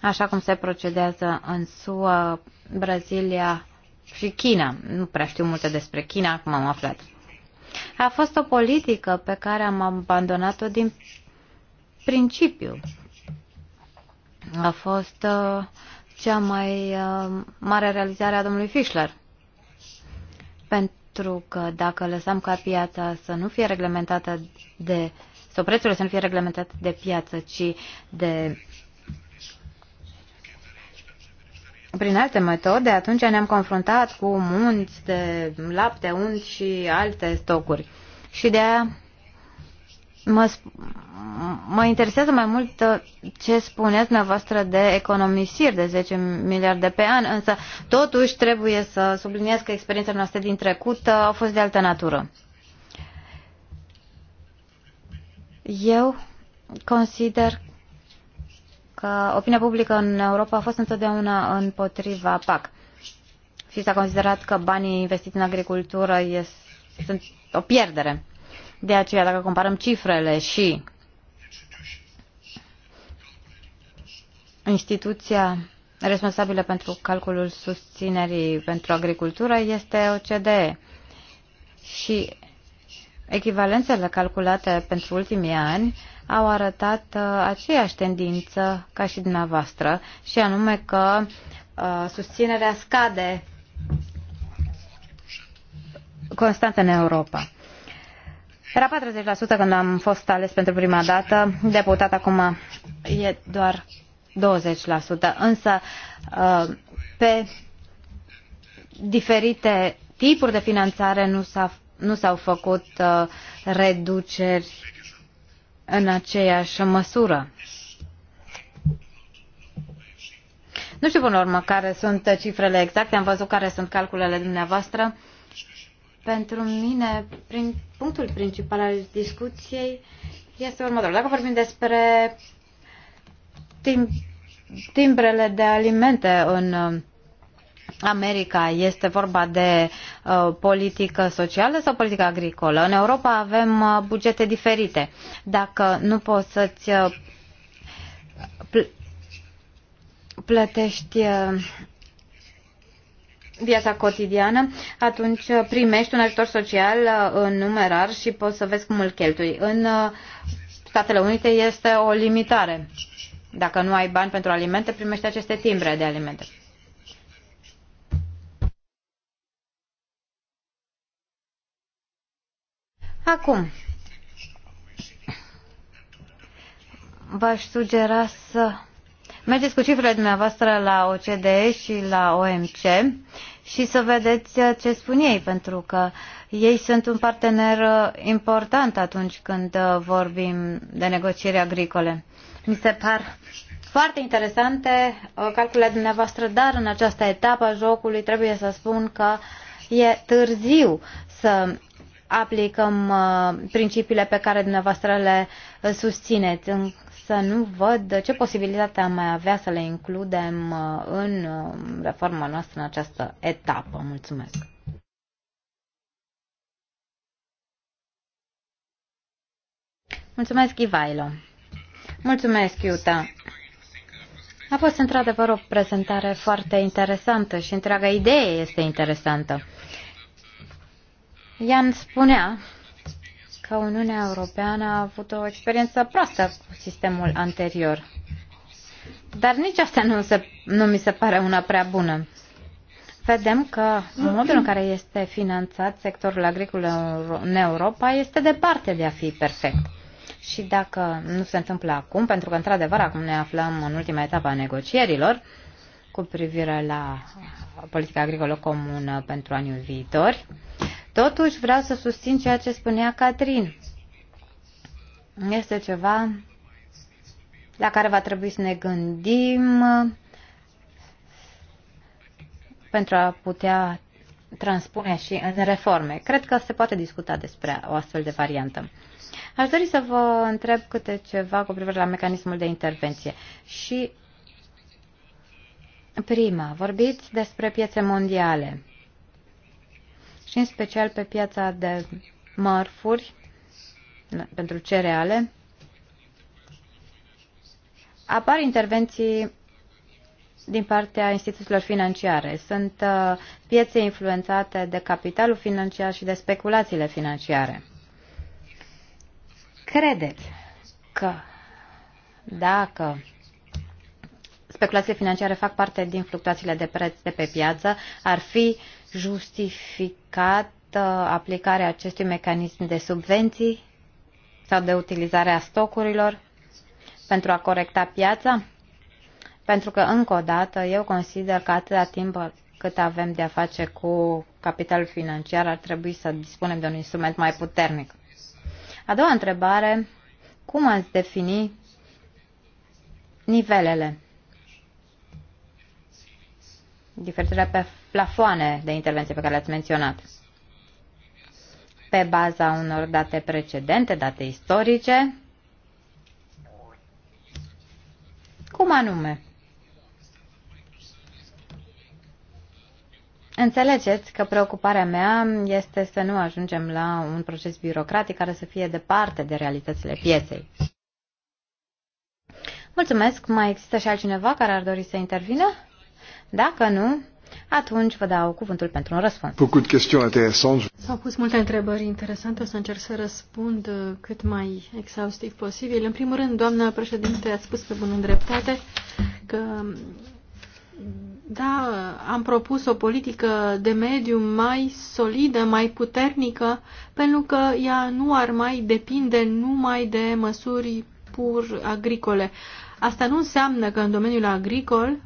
Speaker 1: așa cum se procedează în SUA, Brazilia și China. Nu prea știu multe despre China, acum am aflat. A fost o politică pe care am abandonat-o din principiu. A fost uh, cea mai uh, mare realizare a domnului Fischler. Pentru că dacă lăsăm ca piața să nu fie reglementată de sau prețurile să nu fie reglementate de piață, ci de prin alte metode, atunci ne-am confruntat cu munți de lapte, unt și alte stocuri. Și de aia Mă, mă interesează mai mult uh, ce spuneați dumneavoastră de economisiri de 10 miliarde pe an, însă totuși trebuie să subliniez că experiențele noastre din trecut uh, au fost de altă natură. Eu consider că opinia publică în Europa a fost întotdeauna împotriva PAC. Și s-a considerat că banii investiți în agricultură sunt o pierdere. De aceea, dacă comparăm cifrele și instituția responsabilă pentru calculul susținerii pentru agricultură este OCDE. Și echivalențele calculate pentru ultimii ani au arătat uh, aceeași tendință ca și dumneavoastră, și anume că uh, susținerea scade constant în Europa. Era 40% când am fost ales pentru prima dată, deputat acum e doar 20%, însă uh, pe diferite tipuri de finanțare nu, s au făcut uh, reduceri în aceeași măsură. Nu știu până la urmă care sunt cifrele exacte, am văzut care sunt calculele dumneavoastră. Pentru mine, prin, punctul principal al discuției este următorul. Dacă vorbim despre tim, timbrele de alimente în uh, America, este vorba de uh, politică socială sau politică agricolă? În Europa avem uh, bugete diferite. Dacă nu poți să-ți uh, pl- plătești uh, viața cotidiană, atunci uh, primești un ajutor social uh, în numerar și poți să vezi cum îl cheltui. În uh, Statele Unite este o limitare. Dacă nu ai bani pentru alimente, primești aceste timbre de alimente. Acum, v-aș sugera să Mergeți cu cifrele dumneavoastră la OCDE și la OMC și să vedeți uh, ce spun ei, pentru că ei sunt un partener uh, important atunci când uh, vorbim de negocieri agricole. Mi se par foarte interesante calculele dumneavoastră, dar în această etapă a jocului trebuie să spun că e târziu să aplicăm principiile pe care dumneavoastră le susțineți să nu văd ce posibilitate am mai avea să le includem uh, în uh, reforma noastră în această etapă. Mulțumesc! Mulțumesc, Ivailo! Mulțumesc, Iuta! A fost într-adevăr o prezentare foarte interesantă și întreaga idee este interesantă. Ian spunea că Uniunea Europeană a avut o experiență proastă cu sistemul anterior. Dar nici asta nu, se, nu mi se pare una prea bună. Vedem că modul în care este finanțat sectorul agricol în Europa este departe de a fi perfect. Și dacă nu se întâmplă acum, pentru că într-adevăr acum ne aflăm în ultima etapă a negocierilor cu privire la politica agricolă comună pentru anii viitori, Totuși vreau să susțin ceea ce spunea Catrin. Este ceva la care va trebui să ne gândim pentru a putea transpune și în reforme. Cred că se poate discuta despre o astfel de variantă. Aș dori să vă întreb câte ceva cu privire la mecanismul de intervenție. Și prima, vorbiți despre piețe mondiale și în special pe piața de mărfuri pentru cereale, apar intervenții din partea instituțiilor financiare. Sunt uh, piețe influențate de capitalul financiar și de speculațiile financiare. Credeți că dacă speculațiile financiare fac parte din fluctuațiile de preț de pe piață, ar fi justificat aplicarea acestui mecanism de subvenții sau de utilizarea stocurilor pentru a corecta piața? Pentru că, încă o dată, eu consider că atâta timp cât avem de-a face cu capitalul financiar, ar trebui să dispunem de un instrument mai puternic. A doua întrebare, cum ați defini nivelele? Diferitele plafoane de intervenție pe care le-ați menționat. Pe baza unor date precedente, date istorice, cum anume? Înțelegeți că preocuparea mea este să nu ajungem la un proces birocratic care să fie departe de realitățile pieței. Mulțumesc. Mai există și altcineva care ar dori să intervină? Dacă nu, atunci vă dau cuvântul pentru un răspuns.
Speaker 3: S-au pus multe întrebări interesante, o să încerc să răspund uh, cât mai exhaustiv posibil. În primul rând, doamna președinte, ați spus pe bună dreptate că da, am propus o politică de mediu mai solidă, mai puternică, pentru că ea nu ar mai depinde numai de măsuri pur agricole. Asta nu înseamnă că în domeniul agricol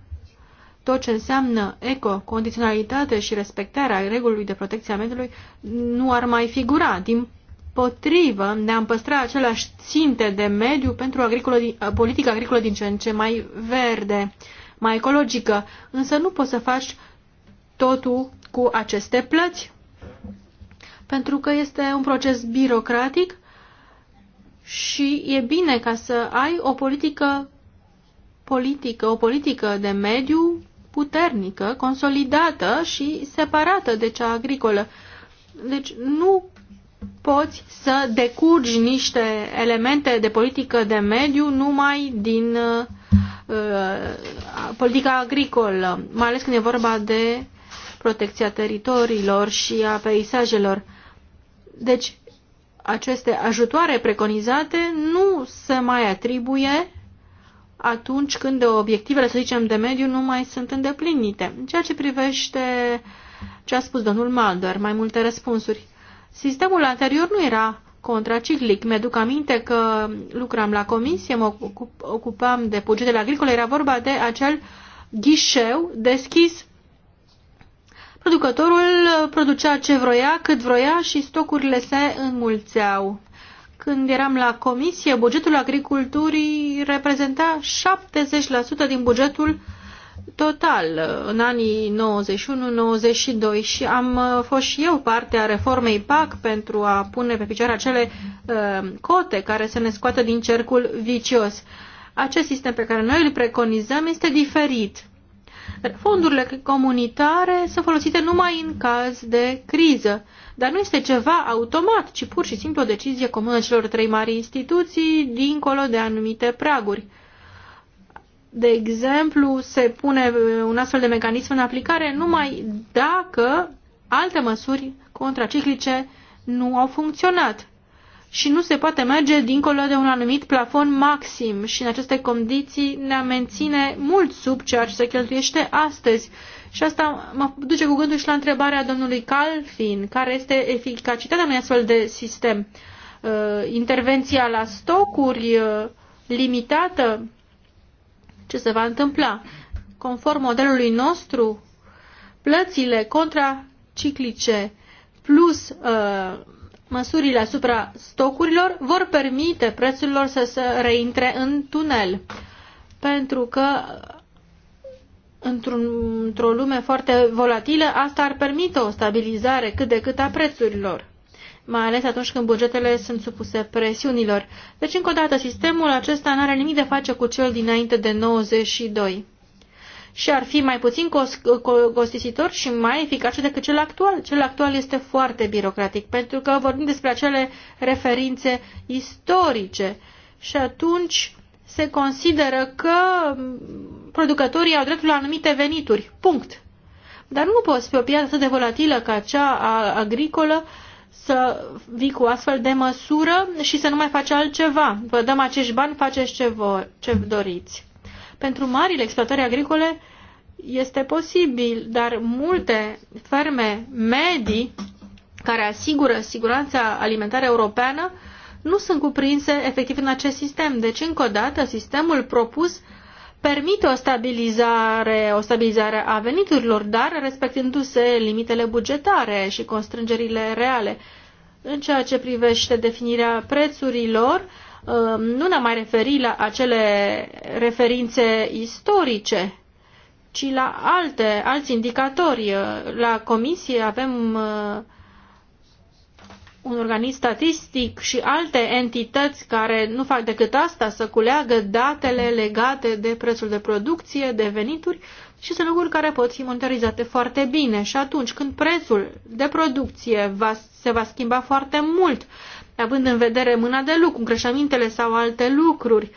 Speaker 3: tot ce înseamnă condiționalitate și respectarea regulii de protecție a mediului nu ar mai figura. Din potrivă, ne-am păstrat aceleași ținte de mediu pentru agricolo, politica agricolă din ce în ce mai verde, mai ecologică, însă nu poți să faci totul cu aceste plăți, pentru că este un proces birocratic și e bine ca să ai o politică politică, o politică de mediu puternică, consolidată și separată de cea agricolă. Deci nu poți să decurgi niște elemente de politică de mediu numai din uh, politica agricolă, mai ales când e vorba de protecția teritoriilor și a peisajelor. Deci, aceste ajutoare preconizate nu se mai atribuie atunci când obiectivele, să zicem, de mediu nu mai sunt îndeplinite. În ceea ce privește ce a spus domnul Maldor, mai multe răspunsuri. Sistemul anterior nu era contraciclic. Mi-aduc aminte că lucram la comisie, mă ocupam de bugetele agricole, era vorba de acel ghișeu deschis. Producătorul producea ce vroia, cât vroia și stocurile se înmulțeau. Când eram la comisie, bugetul agriculturii reprezenta 70% din bugetul total în anii 91-92 și am uh, fost și eu parte a reformei PAC pentru a pune pe picioare acele uh, cote care să ne scoată din cercul vicios. Acest sistem pe care noi îl preconizăm este diferit fondurile comunitare sunt folosite numai în caz de criză, dar nu este ceva automat, ci pur și simplu o decizie comună celor trei mari instituții, dincolo de anumite praguri. De exemplu, se pune un astfel de mecanism în aplicare numai dacă alte măsuri contraciclice nu au funcționat și nu se poate merge dincolo de un anumit plafon maxim și în aceste condiții ne menține mult sub ceea ce se cheltuiește astăzi. Și asta mă duce cu gândul și la întrebarea domnului Calfin, care este eficacitatea unui astfel de sistem. Uh, intervenția la stocuri uh, limitată, ce se va întâmpla? Conform modelului nostru, plățile contraciclice plus uh, măsurile asupra stocurilor vor permite prețurilor să se reintre în tunel. Pentru că într-un, într lume foarte volatilă, asta ar permite o stabilizare cât de cât a prețurilor mai ales atunci când bugetele sunt supuse presiunilor. Deci, încă o dată, sistemul acesta nu are nimic de face cu cel dinainte de 92 și ar fi mai puțin costisitor și mai eficace decât cel actual. Cel actual este foarte birocratic, pentru că vorbim despre acele referințe istorice și atunci se consideră că producătorii au dreptul la anumite venituri. Punct. Dar nu poți pe o piață atât de volatilă ca cea agricolă să vii cu astfel de măsură și să nu mai faci altceva. Vă dăm acești bani, faceți ce, vor, ce doriți pentru marile exploatări agricole este posibil, dar multe ferme medii care asigură siguranța alimentară europeană nu sunt cuprinse efectiv în acest sistem. Deci, încă o dată, sistemul propus permite o stabilizare, o stabilizare a veniturilor, dar respectându-se limitele bugetare și constrângerile reale. În ceea ce privește definirea prețurilor, Um, nu ne-am mai referit la acele referințe istorice, ci la alte, alți indicatori. La comisie avem uh, un organism statistic și alte entități care nu fac decât asta, să culeagă datele legate de prețul de producție, de venituri și sunt lucruri care pot fi monitorizate foarte bine. Și atunci când prețul de producție va, se va schimba foarte mult, având în vedere mâna de lucru, îngrășămintele sau alte lucruri,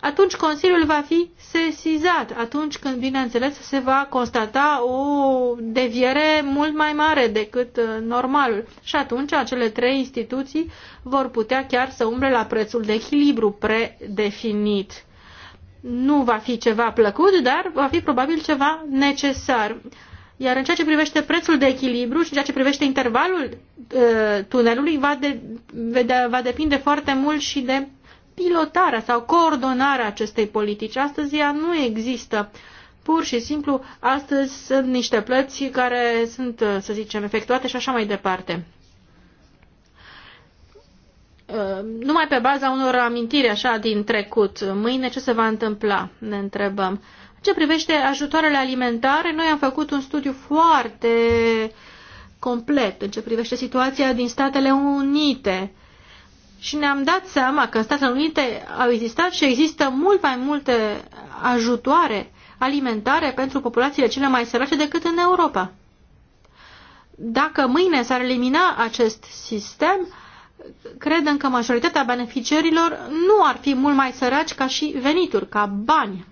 Speaker 3: atunci Consiliul va fi sesizat, atunci când, bineînțeles, se va constata o deviere mult mai mare decât uh, normalul. Și atunci acele trei instituții vor putea chiar să umble la prețul de echilibru predefinit. Nu va fi ceva plăcut, dar va fi probabil ceva necesar. Iar în ceea ce privește prețul de echilibru și în ceea ce privește intervalul uh, tunelului, va, de, va depinde foarte mult și de pilotarea sau coordonarea acestei politici. Astăzi ea nu există. Pur și simplu, astăzi sunt niște plăți care sunt, uh, să zicem, efectuate și așa mai departe. Uh, numai pe baza unor amintiri așa din trecut, mâine ce se va întâmpla, ne întrebăm ce privește ajutoarele alimentare, noi am făcut un studiu foarte complet în ce privește situația din Statele Unite. Și ne-am dat seama că în Statele Unite au existat și există mult mai multe ajutoare alimentare pentru populațiile cele mai sărace decât în Europa. Dacă mâine s-ar elimina acest sistem, credem că majoritatea beneficiarilor nu ar fi mult mai săraci ca și venituri, ca bani.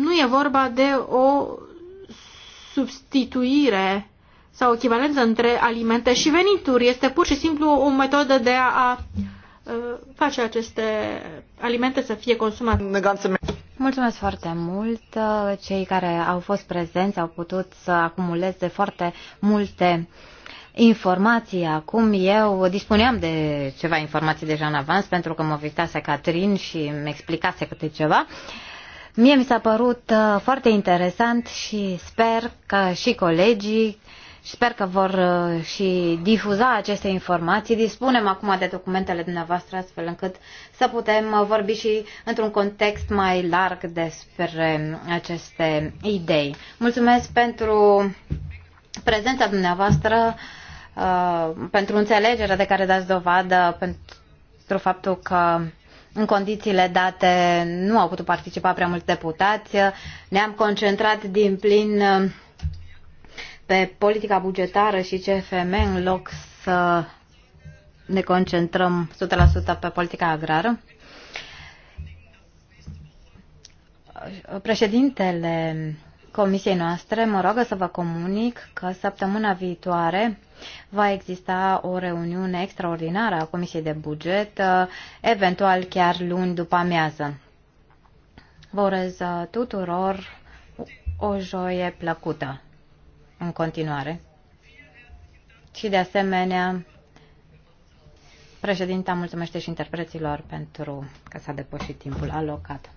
Speaker 3: nu e vorba de o substituire sau echivalență între alimente și venituri. Este pur și simplu o metodă de a, face aceste alimente să fie consumate. Mulțumesc
Speaker 1: foarte mult. Cei care au fost prezenți au putut să acumuleze foarte multe informații acum. Eu dispuneam de ceva informații deja în avans pentru că mă vizitase Catrin și mi explicase câte ceva. Uh, Mie mi s-a părut uh, foarte interesant și sper că și colegii și sper că vor uh, și difuza aceste informații. Dispunem acum de documentele dumneavoastră astfel încât să putem uh, vorbi și într-un context mai larg despre aceste idei. Mulțumesc pentru prezența dumneavoastră, pentru înțelegerea de care dați dovadă, pentru faptul că în condițiile date nu au putut participa prea mulți deputați. Ne-am concentrat din plin uh, pe politica bugetară și CFM în loc să ne concentrăm 100% pe politica agrară. Președintele comisiei noastre mă roagă să vă comunic că săptămâna viitoare Va exista o reuniune extraordinară a Comisiei de Buget, uh, eventual chiar luni după amiază. Vă urez uh, tuturor o joie plăcută în continuare. Și de asemenea, președinta mulțumește și interpreților pentru că s-a depășit timpul alocat.